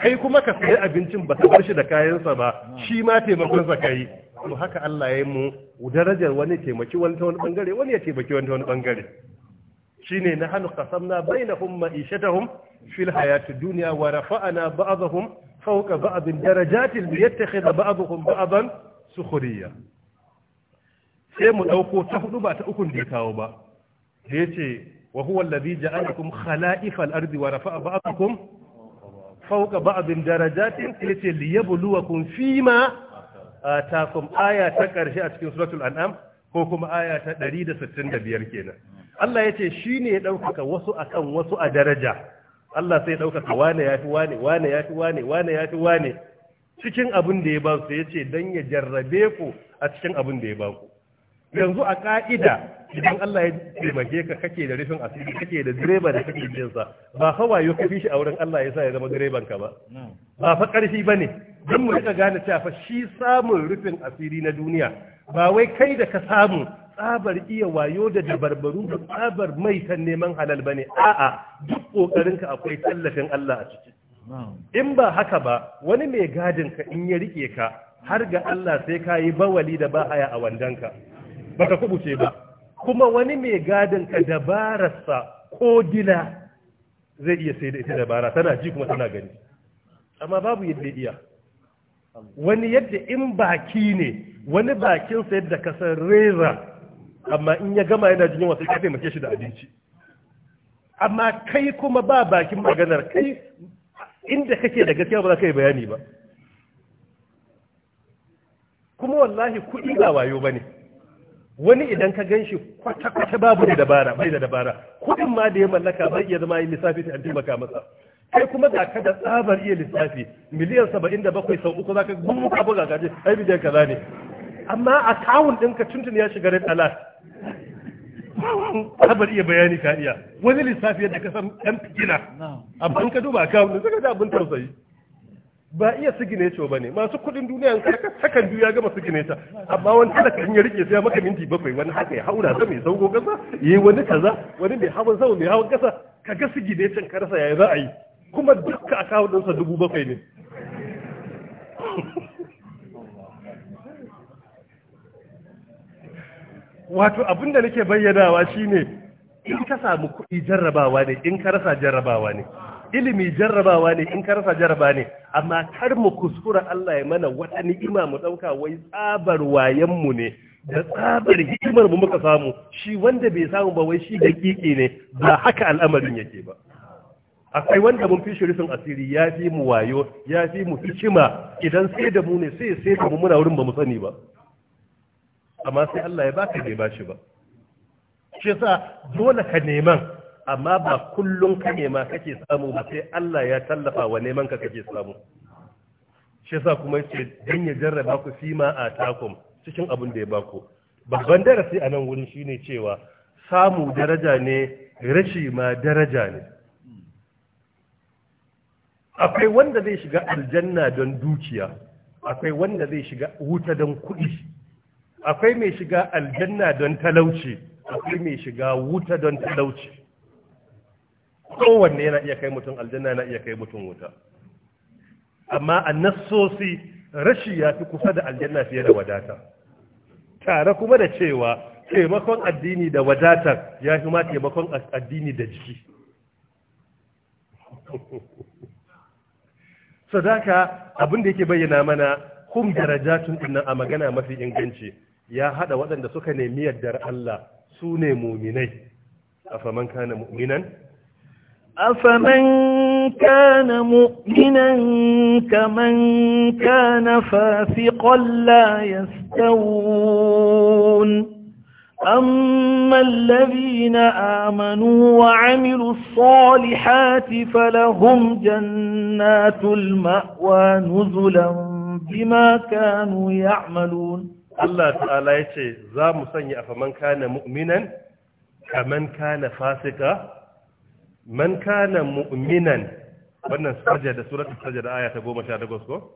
kai kuma ka sayi abincin ba ka bar shi da kayansa ba shi ma taimakon sa kai to haka Allah ya yi mu darajar wani taimaki wani ta wani bangare wani ya taimaki wani ta wani bangare shine na hannu qasamna bainahum ma'ishatahum fil hayati dunya wa rafa'na ba'dahum fawqa ba'din darajatin liyattakhidha ba'dahum ba'dan sukhriya sai mu ɗauko ta hudu ba ta ukun da kawo ba da yace wa huwa alladhi ja'alakum khala'ifa al-ardi wa rafa'a ba'dakum fawqa ba'din darajatin yace liyabluwakum fima atakum aya ta ƙarshe a cikin suratul an'am ko kuma aya ta 165 kenan Allah yace ne ya ɗaukaka wasu kan wasu a daraja Allah sai ya ɗaukaka wane fi wane wane fi wane wane fi wane cikin abin da ya ba su yace dan ya jarrabe ku a cikin abin da ya ba ku yanzu a ƙa'ida idan Allah ya taimake ka kake da rufin asiri kake da direba da kake biyan ba fa wayo ka shi a wurin Allah ya sa ya zama direban ka ba ba fa karfi bane dan mu rika gane cewa fa shi samun rufin asiri na duniya ba wai kai da ka samu tsabar iya wayo da dabarbaru da tsabar mai kan neman halal bane a'a duk kokarinka akwai tallafin Allah a ciki in ba haka ba wani mai gadin ka in ya rike ka har ga Allah sai ka yi bawali da ba haya a wandanka baka kubuce ba kuma wani mai gadin ka dabararsa ko dila zai iya sai da ita dabara tana ji kuma tana gani amma babu yadda iya wani yadda in baki ne wani bakin sa yadda kasar reza amma in ya gama yana jin wasu ya taimake shi da abinci amma kai kuma ba bakin maganar kai inda kake da gaskiya ba za ka yi bayani ba kuma wallahi kuɗi ba wayo ba ne wani idan ka gan shi kwata-kwata babu da dabara bai da dabara kudin ma da ya mallaka bai iya zama yi lissafi ta maka masa kai kuma ga ka da tsabar iya lissafi miliyan saba'in da bakwai sau uku za ka gumu ka buga gaji ai ka za ne amma a kawun ka tuntun ya shiga red alert tsabar iya bayani ka iya wani lissafi yadda ka san ɗan fikina amma ka duba kawun ɗin saka da abin tausayi ba iya gine ce ba ne masu kudin duniya in karka ya gama gine ta amma wani talaka kan ya rike sai maka minti bakwai wani haka ya haura ta mai sauko ya yi wani kaza wani mai hawan mai hawan gasa ka ga gine can ka rasa yaya za a yi kuma duka a kawo ɗinsa dubu bakwai ne wato abin da nake bayyanawa shine in ka samu kuɗi jarrabawa ne in ka rasa jarrabawa ne ilimi jarrabawa ne in karasa jarraba ne amma kar mu kuskura Allah ya mana wadani ima mu ɗauka, wai tsabar wayan mu ne da tsabar hikimar mu muka samu shi wanda bai samu ba wai shi dakiki ne ba haka al'amarin yake ba akwai wanda mun fi rufin asiri ya fi mu wayo ya fi mu hikima idan sai da mu ne sai sai da mu muna wurin ba mu sani ba amma sai Allah ya baka bai bashi ba shi yasa dole ka neman amma ba kullum ka nema kake samu ba sai Allah ya tallafa wa neman ka kake samu shi yasa kuma yace dan ya jarraba ku fima a takum cikin abin da ya baku babban darasi a nan wurin shine cewa samu daraja ne rashi ma daraja ne akwai wanda zai shiga aljanna don dukiya akwai wanda zai shiga wuta don kuɗi akwai mai shiga aljanna don talauci akwai mai shiga wuta don talauci kowanne yana iya kai mutum aljanna yana iya kai mutum wuta amma a rashi ya fi kusa da aljanna fiye da wadata tare kuma da cewa taimakon addini da wadata ya fi ma taimakon addini da jiki sadaka abin da yake bayyana mana kum darajatun dinnan a magana mafi inganci ya hada waɗanda suka nemi yardar Allah su ne muminai a faman kana muminan أفمن كان مؤمنا كمن كان فاسقا لا يستوون أما الذين آمنوا وعملوا الصالحات فلهم جنات المأوى نزلا بما كانوا يعملون الله تعالى يقول ذا مسني أفمن كان مؤمنا كمن كان فاسقا man kana mu'minan wannan sajada suratul sajada aya ta 18 ko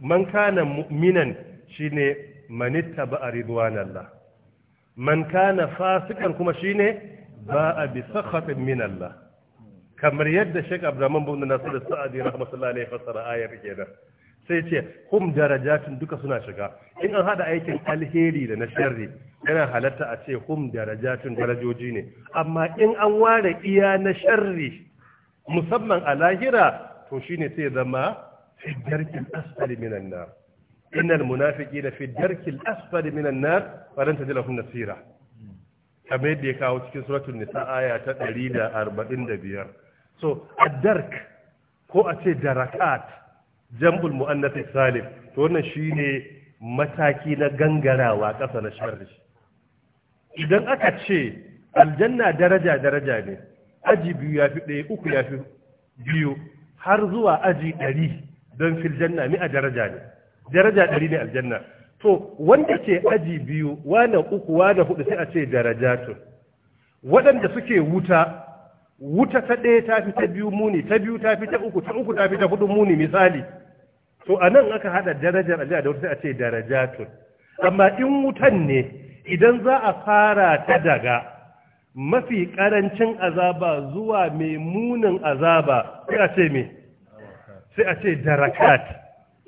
man kana mu'minan shine manitta manittaba ridwanallah man kana fasikan kuma shine ba bi sakhatin min Allah kamar yadda Sheikh Abdurrahman bin Nasir Sa'adi rahmatullahi alaihi fasara ayar kenan sai ce hum darajatun duka suna shiga in an hada aikin alheri da na sharri yana halatta a ce hum darajatun darajoji ne amma in an ware iya na sharri musamman a lahira to shine sai zama fi darkin asfali minan nar innal munafiqina fi darkil asfali minan nar lan tajid lahum nasira kamar yadda ya kawo cikin suratul nisa aya ta 145 so ad-dark ko a ce darakat jam'ul mu'annath salim to wannan shine mataki na gangarawa ƙasa na sharri idan aka ce aljanna daraja daraja ne aji biyu ya fi ɗaya uku ya fi biyu har zuwa aji ɗari don fil janna mi a daraja ne daraja ɗari ne aljanna to wanda ke aji biyu wane uku wane hudu sai a ce to waɗanda suke wuta wuta ta ɗaya ta fi ta biyu muni ta biyu ta fi ta uku ta uku ta fi ta hudu muni misali to a nan aka haɗa darajar ajiya da wata a ce darajatun amma in wutan ne idan za a fara ta daga mafi ƙarancin azaba zuwa mai munin azaba sai a ce me sai a ce darakat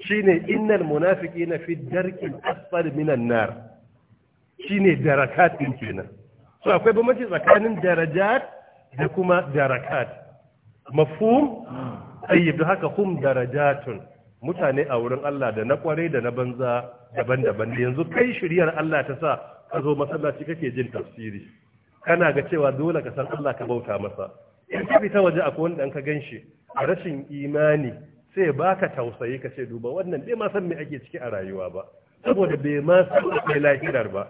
shine innal na fi darkin asfali minan nar shine darakat din kenan so akwai bambanci tsakanin darajat da kuma darakat mafhum hmm. ayyib haka hum darajatun mutane a wurin Allah da na kware da na banza daban-daban da yanzu kai shiriyar Allah ta sa ka zo masallaci kake jin tafsiri kana ga cewa dole ka san Allah ka bauta masa in ka fita waje akwai wanda dan ka ganshi a rashin imani sai baka tausayi ka ce duba wannan bai ma san me ake ciki a rayuwa ba saboda bai ma san akwai lahirar ba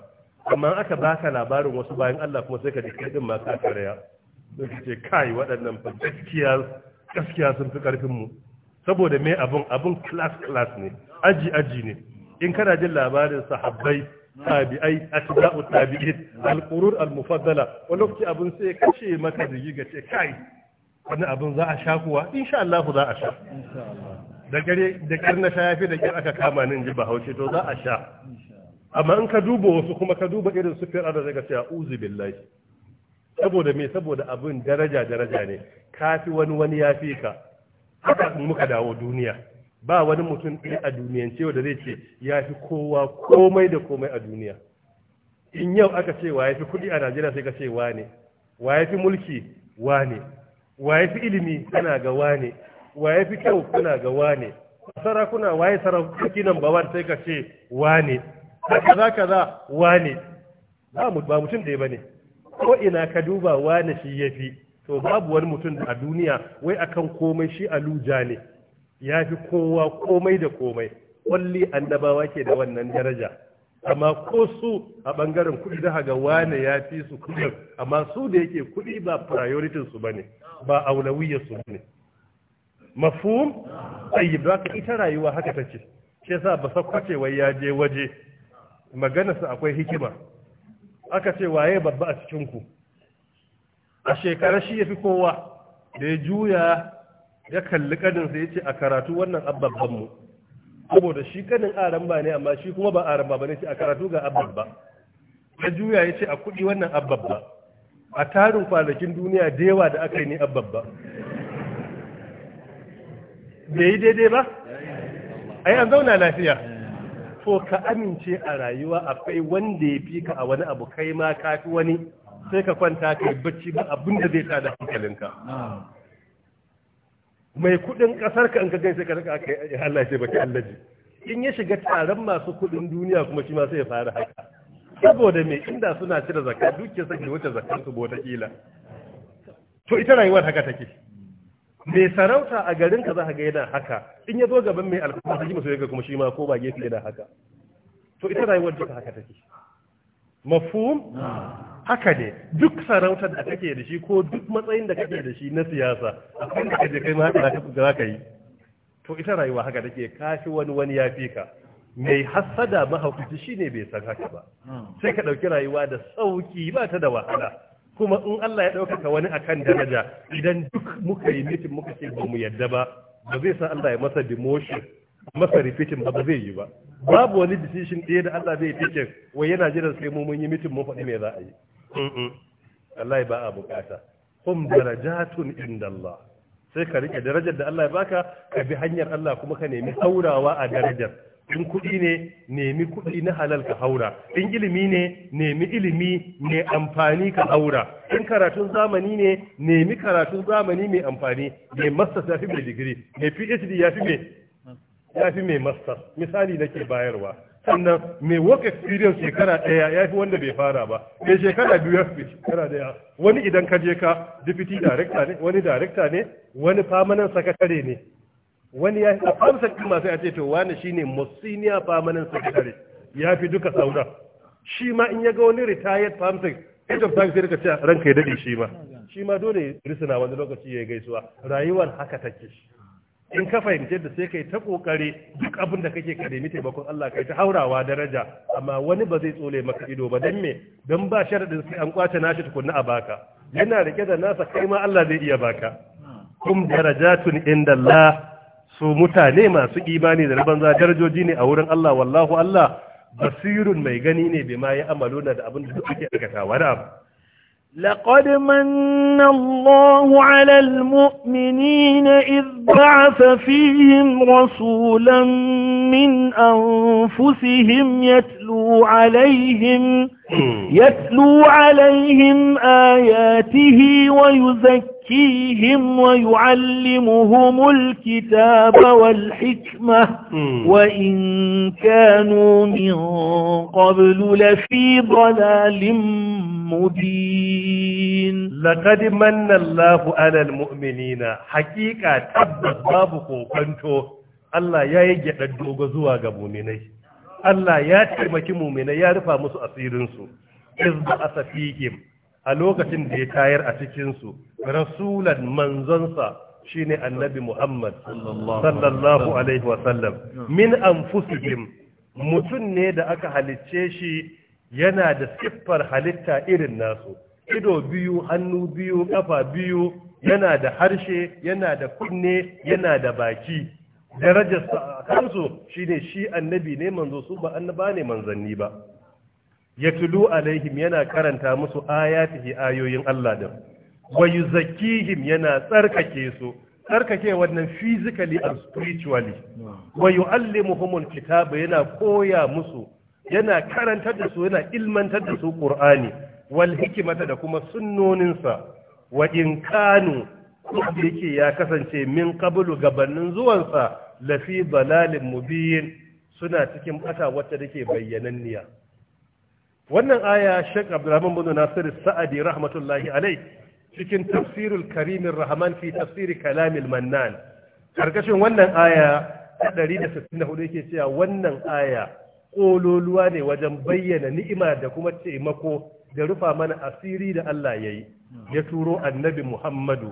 amma aka baka labarin wasu bayan Allah kuma sai ka ji kai din ma ka karya ka ce kai waɗannan fa gaskiya gaskiya sun fi karfin mu saboda mai abun abun class class ne aji aji ne in kana jin labarin sahabbai tabi'ai atba'u tabi'in alqurur almufaddala wani lokaci abun sai kace maka da ga ce kai wani abun za a sha kuwa insha Allah za a sha da gare na sha ya fi da kyar aka kama ni in ji bahaushe to za a sha amma in ka duba wasu kuma ka duba irin su fir'auna zai ga ce a'udhu billahi saboda me saboda abun daraja daraja ne Ka fi wani wani ya fi ka haka muka dawo duniya ba wani mutum ɗaya a duniyan cewa da zai ce ya fi kowa komai da komai a duniya in yau aka ce wa ya fi kuɗi a najeriya sai ka ce wa ne wa ya fi mulki wa ne wa ya fi ilimi kana ga wa ne wa ya fi kyau kana ga wa ne sarakuna wa ya sarauki nan ba sai ka ce wa ne kaza kaza wa ne ba mutum ɗaya ba ne ko ina ka duba wa ne shi ya fi to babu wani mutum a duniya wai akan komai shi luja ne ya fi kowa komai da komai kwalli annabawa ke da wannan daraja amma ko su a bangaren kuɗi da haga wane ya fi su kuɗin amma su da yake kuɗi ba prioritin su bane ba aulawiyar su bane mafhum ba ka ita rayuwa haka take shi yasa ba sakwace wai ya je waje maganarsa akwai hikima aka ce waye babba a cikin ku a shekarar shi ya fi kowa da ya juya ya kalli kaninsa ya ce a karatu wannan abbabbanmu saboda shi kanin ba ne amma shi kuma ba aran ba ne ce a karatu ga abbabba ya juya ya ce a kuɗi wannan abbabba a tarin kwanakin duniya da yawa da aka yi ni abbabba bai yi daidai ba ai an zauna lafiya to ka amince a rayuwa akwai wanda ya fi ka a wani abu kai ma ka fi wani sai ka kwanta ka yi bacci ba abin da zai ta da hankalinka mai kudin kasar ka in ka gani sai ka rika aka yi Allah sai baki Allah ji in ya shiga taron masu kudin duniya kuma shi ma sai ya fara haka saboda me inda suna cire zakka dukiyar sa ke wuce zakkar su bota kila to ita rayuwar haka take mai sarauta a garin ka za ka ga yana haka in ya zo gaban mai alfahari masu ya ga kuma shi ma ko ba gefe yana haka to ita rayuwar duka haka take mafum haka ne duk sarautar da kake da shi ko duk matsayin da kake da shi na siyasa akwai da kaje kai ma haka za ka yi to ita rayuwa haka take kafi wani wani ya fi ka mai hassada mahaukaci shine bai san haka ba sai ka ɗauki rayuwa da sauki ba ta da wahala kuma in Allah ya ɗaukaka wani akan daraja idan duk muka yi mitin muka ce ba mu yadda ba ba zai san Allah ya masa demotion masa rifitin ba zai yi ba babu wani decision ɗaya da Allah zai take wai yana jiran sai mu mun yi mitin mun faɗi me za a yi Allah ba a bukata hum darajatun inda Allah sai ka rike darajar da Allah ya baka ka bi hanyar Allah kuma ka nemi haurawa a darajar in kuɗi ne nemi kuɗi na halal ka haura in ilimi ne nemi ilimi mai amfani ka haura in karatun zamani ne nemi karatun zamani mai amfani mai masa ya fi mai digiri mai phd ya fi mai ya fi mai master misali nake bayarwa sannan mai work experience shekara ɗaya ya fi wanda bai fara ba mai shekara biyu ya fi shekara ɗaya wani idan ka je ka deputy director ne wani director ne wani permanent secretary ne wani ya a farm secretary masu ya ce to wani shine most senior permanent secretary ya fi duka saura shi ma in ya ga wani retired farm secretary age of ta sai ka ce ranka ya dade shi ma shi ma dole risina wani lokaci ya gaisuwa rayuwar haka take shi in ka fahimce da sai kai ta kokare duk abin da kake ka nemi taimakon Allah kai ta haurawa daraja amma wani ba zai tsole maka ido ba dan me dan ba sharadin sai an kwace nashi tukunna a baka yana rike da nasa kai ma Allah zai iya baka kum darajatun inda Allah su mutane masu imani da banza darajoji ne a wurin Allah wallahu Allah basirun mai gani ne bai ma ya amaluna da abin da suke aikatawa da abu لقد من الله على المؤمنين إذ بعث فيهم رسولا من أنفسهم يتلو عليهم يتلو عليهم آياته ويزكي يزكيهم ويعلمهم الكتاب والحكمة وإن كانوا من قبل لفي ضلال مبين لقد من الله على المؤمنين حقيقة تبت بابكم كنتو الله يجعل الدوغزوا قبوميني Allah ya taimaki muminai ya rufa musu asirinsu, izba a safihim, a lokacin da ya tayar a cikinsu rasulan manzonsa shine annabi Muhammad sallallahu alaihi wasallam min anfusihim mutum ne da aka halicce shi yana da siffar halitta irin nasu ido biyu hannu biyu ƙafa biyu yana da harshe yana da kunne yana da baki darajarsa kansu shine shi annabi ne manzo su ba annaba ne manzanni ba Ya tulu alaihim yana karanta musu ayatihi ayoyin Allah din wa yuzakkihim yana tsarkake su tsarkake wannan physically and spiritually wa yuallimuhumul kitaba yana koya musu yana karantar da su yana ilmantar da su qur'ani wal hikimata da kuma sunnoninsa wa in kanu yake ya kasance min qablu gabanin sa lafi dalalin mubin suna cikin bata wacce take bayyananniya wannan aya Sheikh Abdulrahman bin Nasir Sa'adi rahmatullahi alai cikin tafsirul karimin Rahman fi tafsiri kalamil Mannan karkashin wannan aya ta 164 yake cewa wannan aya kololuwa ne wajen bayyana ni'ima da kuma taimako da rufa mana asiri da Allah yayi ya turo annabi Muhammadu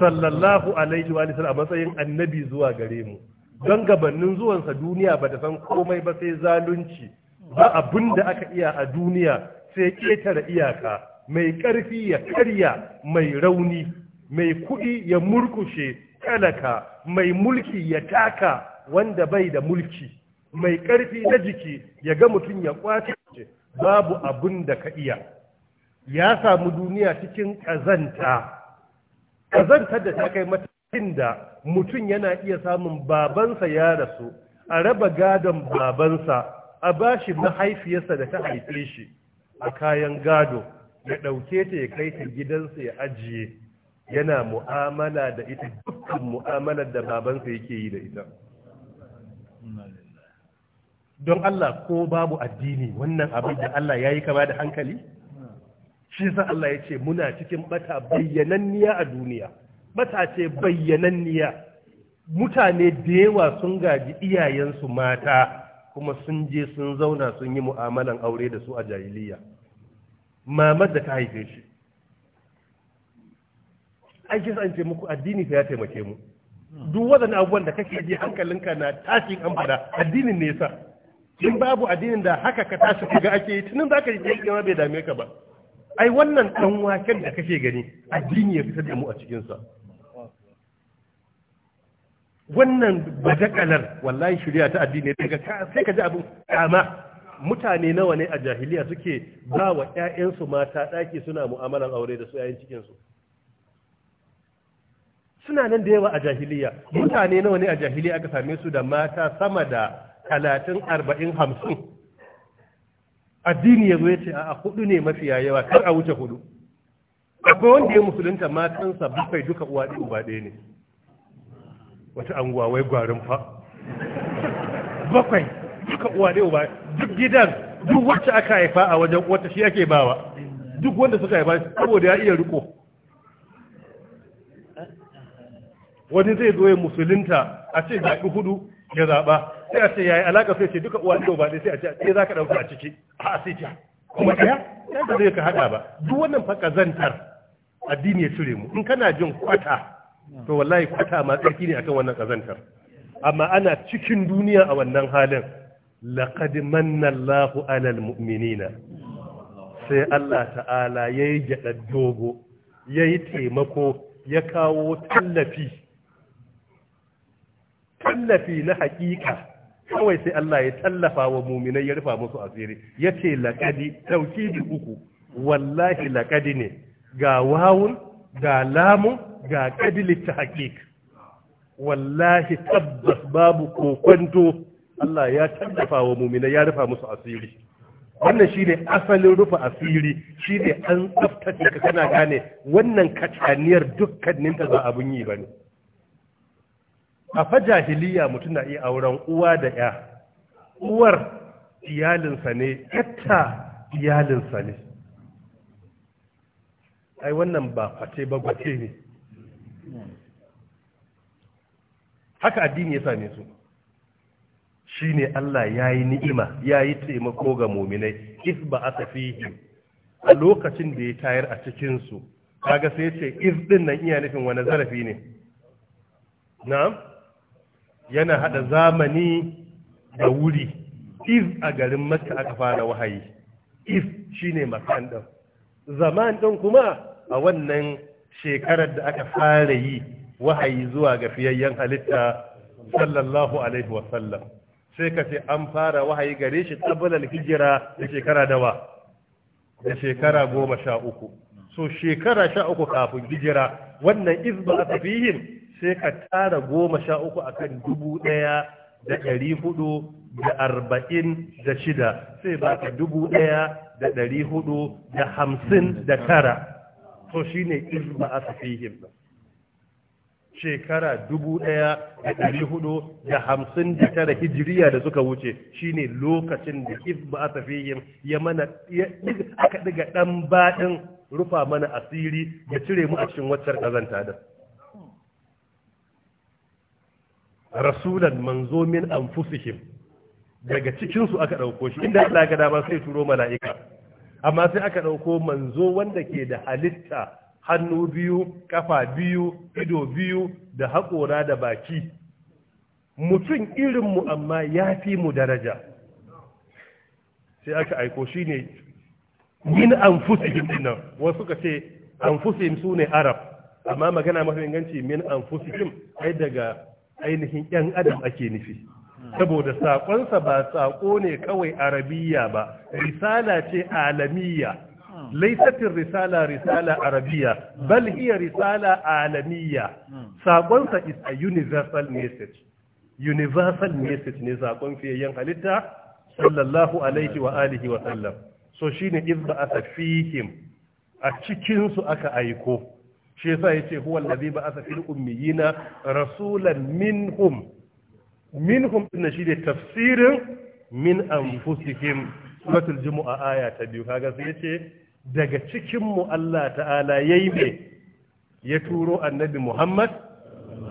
sallallahu alaihi wa sallam a matsayin annabi zuwa gare mu don gabanin zuwansa duniya ba ta san komai ba sai zalunci ba abin da aka iya a duniya sai ƙetare iyaka mai ƙarfi ya karya mai rauni mai kuɗi ya murkushe talaka mai mulki ya taka wanda bai da mulki mai ƙarfi na jiki ya ga mutum ya ƙwace babu abin da ka iya ya samu duniya cikin ƙazanta ƙazanta da ta kai matakin da mutum yana iya samun babansa ya rasu a raba gadon babansa a ba mahaifiyarsa da ta haife shi a kayan gado ya ɗauke ta ya kai ta gidansa ya ajiye yana mu'amala da ita dukkan mu'amalar da babansa yake yi da ita don Allah ko babu addini wannan abin da Allah ya yi kama da hankali shi sa Allah ya ce muna cikin bata bayyananniya a duniya bata ce bayyananniya mutane da yawa sun gaji iyayensu mata kuma sun je sun zauna sun yi mu'amalan aure da su a jahiliya mamar da ka haife shi an kisa an ce muku addini fa ya taimake mu duk waɗannan abubuwan da kake ji hankalinka na tashin an fada addinin ne yasa in babu addinin da haka ka tashi kaga ake yi tunan zaka yi jiki ma bai dame ka ba ai wannan dan waken da kake gani addini ya fitar da mu a cikin sa wannan badakalar wallahi shirya ta addini daga sai ka ji abin kama mutane nawa ne a jahiliya suke ba wa ƴaƴansu mata ɗaki suna mu'amalan aure da su ƴaƴan cikinsu suna nan da yawa a jahiliya mutane nawa ne a jahiliya aka same su da mata sama da talatin arba'in hamsin addini ya zo ya ce a hudu ne mafi yawa kar a wuce hudu akwai wanda ya musulunta matansa bakwai duka uwa ɗin ba ɗaya ne wata anguwa wai gwarin fa bakwai duka uwa ne uba duk gidan duk wacce aka haifa a wajen wata shi ake bawa duk wanda suka haifa saboda ya iya riko wani zai zo ya musulunta a ce zaɓi hudu ya zaɓa sai a ce ya yi alaƙa sai ce duka uwa ne uba ne sai a ce ɗaya eh, za ka ɗauka a ciki a sai ce kuma ɗaya ya ba zai ka haɗa ba duk wannan fa ƙazantar addini ya cire mu in kana jin kwata to wallahi kwata ma tsarki ne akan wannan kazantar amma ana cikin duniya a wannan halin laqad manna Allahu alal mu'minina sai Allah ta'ala yayi gada dogo yayi taimako ya kawo tallafi tallafi na hakika kawai sai Allah ya tallafa wa muminai ya rufa musu asiri yace laqadi tawkidi uku wallahi laqadi ne ga wawun ga lamu ga ƙadilin ta haƙiƙa wallahi tabbas babu kokwanto Allah ya tallafa wa mumina ya rufa musu asiri wannan shi ne asalin rufa asiri Shi ne an tsaftace ka kana gane wannan kacaniyar dukkanin ta za abun yi ba ne. a fa jahiliya mutum na iya auren uwa da ya uwar iyalinsa ne yatta iyalinsa ne ai wannan ba face ba gwace ne haka addini ya same su Shi ne Allah ya yi ni'ima ya yi taimako ga muminai if ba a tafihi a lokacin da ya tayar a cikinsu kaga sai ce if ɗin nan iya nufin wani zarafi ne Na yana hada zamani da wuri if a garin maka aka fara wahayi if shine makan din zaman ɗan kuma a wannan shekarar da aka fara yi wahayi zuwa ga fiyayyen halitta sallallahu alaihi wasallam sai ka ce an fara wahayi gare shi tabbalal hijira da shekara dawa da shekara goma sha uku so shekara sha uku kafin hijira wannan izba a tafihin sai ka tara goma sha uku akan dubu ɗaya da ɗari hudu da arba'in da shida sai ba ka dubu ɗaya da ɗari hudu da hamsin da tara so ne izba asfihim shekara dubu ɗaya da ɗari hudu da hamsin da tara hijiriya da suka wuce shine lokacin da izba asfihim ya mana aka ɗiga ɗan baɗin rufa mana asiri ya cire mu a cikin waccar ƙazanta da rasulan manzo min anfusihim daga cikinsu aka ɗauko shi inda Allah ga dama sai turo mala'ika amma sai aka ɗauko manzo wanda ke da halitta hannu biyu ƙafa biyu ido biyu da haƙora da baki mutum irinmu amma ya fi mu daraja sai aka aiko shi ne yin anfusihim nan, wasu suka ce anfusihim su ne arab amma magana mafi inganci min anfusihim ai daga ainihin yan adam ake nufi saboda saƙonsa ba saƙo ne kawai arabiya ba risala ce alamiya laisatin risala risala arabiya bal hiya risala alamiya saƙonsa is a universal message universal message ne saƙon fiyayyen halitta sallallahu alaihi wa alihi wa sallam so shine izba asa fihim a cikinsu aka aiko shi yasa yace huwa allazi ba'atha fil ummiyina rasulan minhum minhum din shi ne tafsirin min anfusihim suratul jumu'a aya ta biyu kaga sai yace daga cikin mu Allah ta'ala yayi ne ya turo annabi Muhammad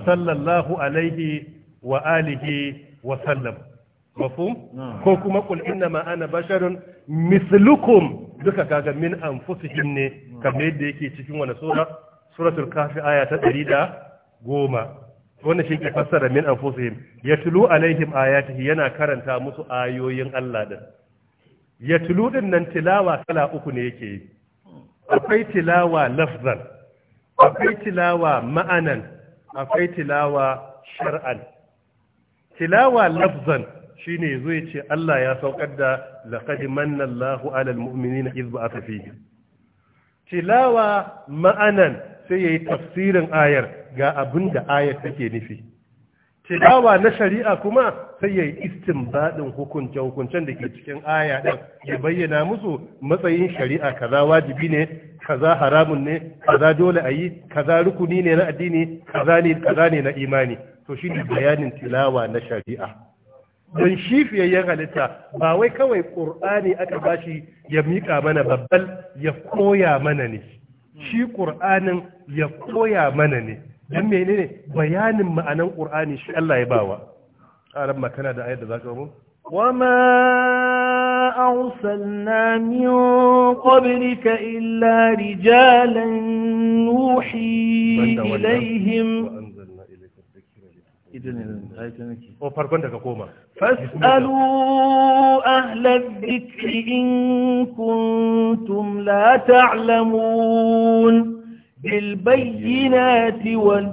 sallallahu alaihi wa alihi wa sallam mafhum ko kuma kul inna ma ana basharun mithlukum duka kaga min anfusihim ne kamar yadda yake cikin wani sura suratul kafi aya ta 110 wannan shi ke fassara min anfusihim yatlu alaihim ayatihi yana karanta musu ayoyin Allah din yatlu din nan tilawa kala uku ne yake yi akwai tilawa lafzan akwai tilawa ma'anan akwai tilawa shar'an tilawa lafzan shine yazo ya ce Allah ya saukar da laqad manna Allahu alal mu'minina iz ba'atha tilawa ma'anan sai ya yi tafsirin ayar ga abin da ayar take nufi tilawa na shari'a kuma sai ya yi baɗin hukunce-hukuncen da ke cikin aya ɗin ya bayyana musu matsayin shari'a kaza wajibi ne kaza haramun ne kaza dole a yi kaza rukuni ne na addini kaza ne na imani to shi ne bayanin tilawa na shari'a don shi yin halitta ba wai kawai ƙur'ani aka bashi ya miƙa mana babbal ya koya mana ne shi ƙur'anin ya koya mana ne don ne bayanin ma'anan ƙur'ani shi Allah ya bawa aran makana da ayyar da za ka mu وما أرسلنا illa nuhi ko farkon daga koma fasalu ahla dhikri in kuntum la ta'lamun bil bayyinati wal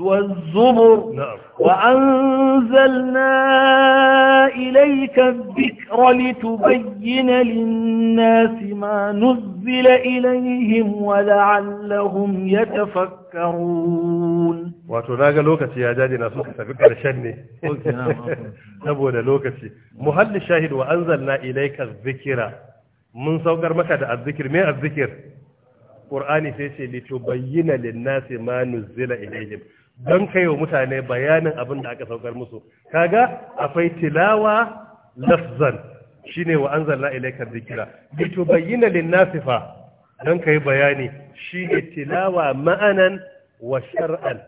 والزبر نعم. وأنزلنا إليك الذكر لتبين للناس ما نزل إليهم ولعلهم يتفكرون وتراغ لوكتي يا جاجي ناسوك تفكر شني نبونا لوكتي مهل الشاهد وأنزلنا إليك الذكر من سوكر مكة الذكر ما الذكر قرآني سيسي لتبين للناس ما نزل إليهم don kai wa mutane bayanin abin da aka saukar musu kaga akwai tilawa lafzan shine wa anzalna zikira dhikra bayyana lin nasifa don kai bayani shine tilawa ma'anan wa shar'an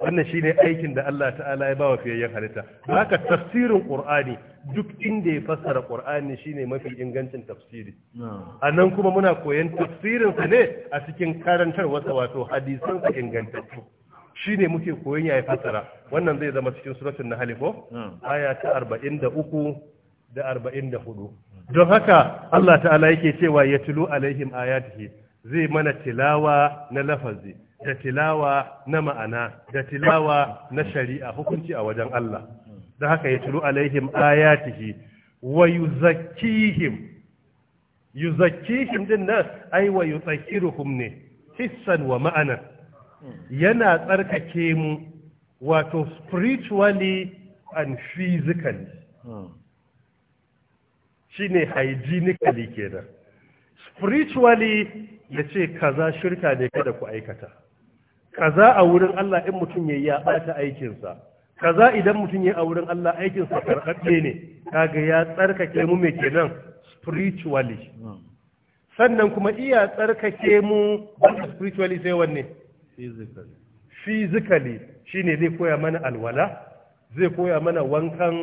wannan shine aikin da Allah ta'ala ya bawa yin halitta haka tafsirin qur'ani duk inda ya fassara qur'ani shine mafi ingancin tafsiri anan kuma muna koyan tafsirinsa ne a cikin karantar wasa wato hadisan sa ingantattu Shi ne muke koyon ya fassara wannan zai zama cikin suratul na ko hmm. aya ta 43 da 44 don haka Allah ta'ala yake cewa yatlu alaihim ayatihi zai mana tilawa na lafazi da tilawa na ma'ana da tilawa na shari'a hukunci a wajen Allah da haka yatlu alaihim ayatihi wa yuzakkihim yuzakkihim din nas? ai wa yutahhiruhum ne hissan wa ma'anan Mm. yana tsarkake mu wato spiritually and physically mm. shine hygienically kenan spiritually ya ce kaza shirka ne kada ku aikata kaza a wurin Allah in mutum ya yi ya aikinsa kaza idan mutum ya a wurin Allah aikinsa karɓaɓɓe ne kaga ya tsarkake mu mai kenan spiritually mm. sannan kuma iya tsarkake mu spiritually sai wanne physically shine zai koya mana alwala zai koya mana wankan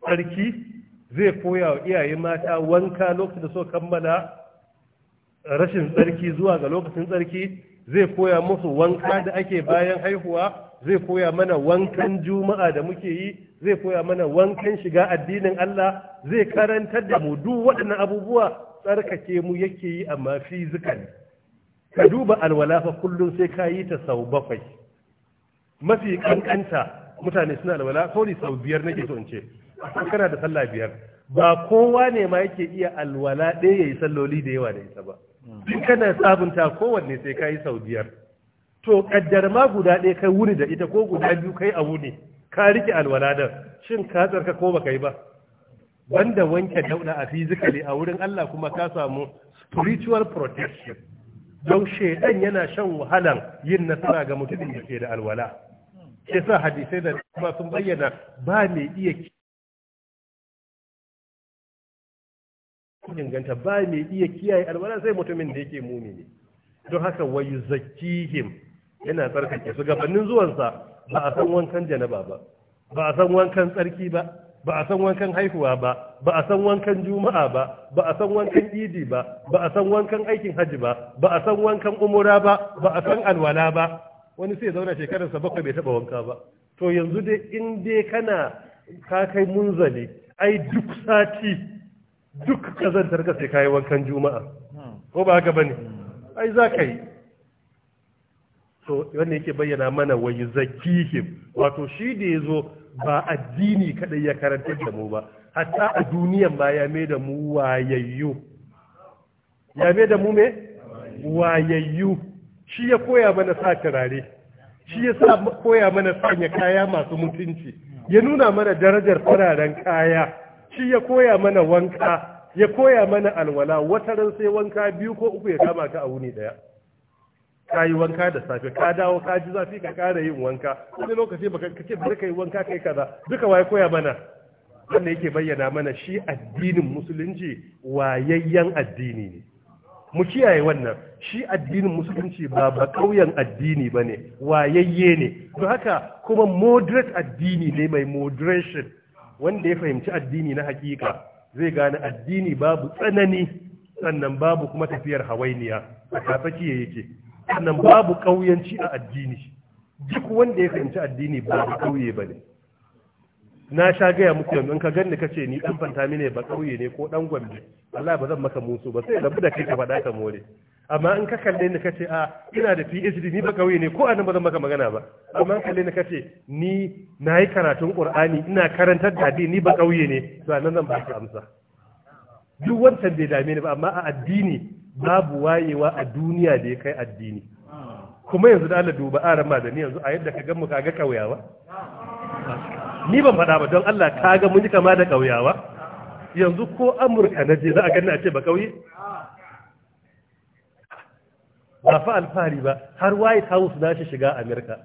tsarki zai koya wa iyaye mata wanka lokacin da suka kammala rashin tsarki zuwa ga lokacin tsarki zai koya musu wanka da ake bayan haihuwa zai koya mana wankan juma'a da muke yi zai koya mana wankan shiga addinin Allah zai karantar da mu duk waɗannan abubuwa tsarkake mu yake yi amma fizikali ka duba alwala fa kullum sai ka yi ta sau bakwai mafi kankanta mutane suna alwala sauri sau biyar nake so in ce kana da sallah biyar ba kowa ne ma yake iya alwala ɗaya ya yi salloli da yawa da ita ba duk kana sabunta kowanne sai ka yi sau biyar to kaddar ma guda ɗaya kai wuni da ita ko guda biyu kai a wuni ka rike alwala da shin ka tsarka ko baka yi ba Wanda wanke dauɗa a fizikali a wurin Allah kuma ka samu spiritual protection don shaidan yana shan wahalan yin nasara ga mutumin da ke da alwala ke sa hadisai da kuma sun bayyana ba mai iya inganta ba mai iya kiyaye alwala sai mutumin da yake mumini don haka wayu zakihim yana tsarkake su gabanin zuwansa ba a san wankan janaba ba ba a san wankan tsarki ba ba a san wankan haihuwa ba ba a san wankan juma'a ba ba a san wankan idi ba ba a san wankan aikin hajji ba ba a san wankan umura ba ba a san alwala ba wani sai zauna shekararsa bakwai bai taba wanka ba to yanzu dai in dai kana ka kai munzali ai duk sati duk kazantar ka sai kai wankan juma'a ko ba haka bane ai za ka yi to wannan yake bayyana mana wayi zakihim wato shi da yazo ba addini kadai ya karantar da mu ba hatta a duniyan ma ya mai da mu wayayyu ya mai da mu me wayayyu shi ya koya mana sa turare shi ya sa koya mana sanya kaya masu mutunci ya nuna mana darajar fararen kaya shi ya koya mana wanka ya koya mana alwala wataran sai wanka biyu ko uku ya kama ka a wuni daya ka yi wanka da safe ka dawo ka ji zafi ka kara yin wanka wani lokaci baka kace bari ka yi wanka kai kaza duka waye koya mana wanda yake bayyana mana shi addinin musulunci wayayyen addini ne mu kiyaye wannan shi addinin musulunci ba ba kauyen addini ba ne wayayye ne don haka kuma moderate addini ne mai moderation wanda ya fahimci addini na hakika zai gane addini babu tsanani sannan babu kuma tafiyar hawainiya a kasaki yake sannan babu ƙauyanci a addini duk wanda ya fahimci addini ba ƙauye ba ne na sha gaya muku yanzu in ka ganni ka ce ni dan fanta mini ba ƙauye ne ko dan gwambe Allah ba zan maka musu ba sai rabu da kai ka faɗa ka more amma in ka kalle ni ka ce a ah, ina da PhD ni ba ƙauye ne ko anan ba zan maka magana ba amma in kalle ni ka ce ni nayi karatun Qur'ani ina karantar da addini ba ƙauye ne to anan zan ba ka amsa duk wancan bai dame ni ba amma a addini babu wayewa a duniya da ya kai addini kuma yanzu da Allah duba aran ma da ni yanzu a yadda ka gan mu kaga kauyawa ni ban faɗa ba don Allah ka ga mun yi kama da kauyawa yanzu ko Amurka na je za a gani a ce ba kauye ba fa alfahari ba har White House na shi shiga Amurka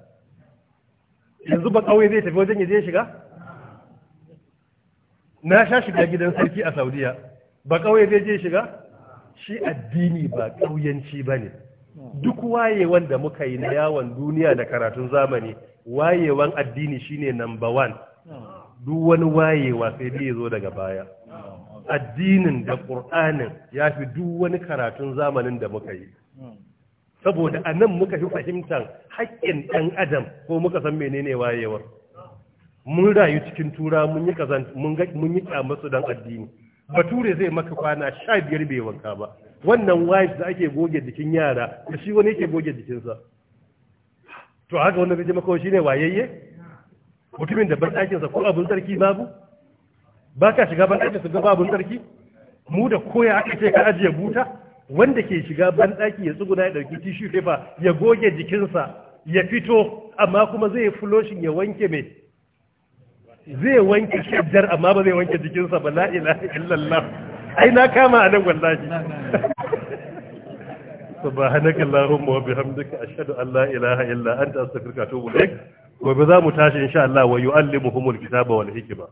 yanzu ba kauye zai tafi wajen ya je shiga na sha shiga gidan sarki a Saudiya ba kauye zai je shiga shi addini ba ƙauyanci ba ne duk wayewan da muka yi na yawon duniya da karatun zamani wayewan addini shine number one duk wani wayewa sai biye zo daga baya addinin da ƙur'anin ya fi duk wani karatun zamanin da muka yi saboda a nan muka fi fahimtar haƙƙin ɗan adam ko muka san menene wayewar mun rayu cikin tura mun yi ƙyamar don addini bature zai maka kwana sha biyar bai wanka ba wannan wife da ake goge jikin yara da shi wani yake goge jikinsa to haka wannan zai maka shi ne wayayye mutumin da banɗakinsa ko abin sarki babu ba ka shiga banɗakinsa ga babun sarki mu da koya aka ce ka ajiye buta wanda ke shiga banɗaki ya tsuguna ya ɗauki tishu paper ya goge jikinsa ya fito amma kuma zai fuloshin ya wanke mai zai wanke shajjar amma ba zai wanke jikinsa ba la ilaha illallah ai na kama a anan wallahi subhanaka allahumma wa bihamdika ashhadu an la ilaha illa anta astaghfiruka wa atubu ilaik gobe za mu tashi insha Allah wa yu'allimuhumul kitaba wal hikma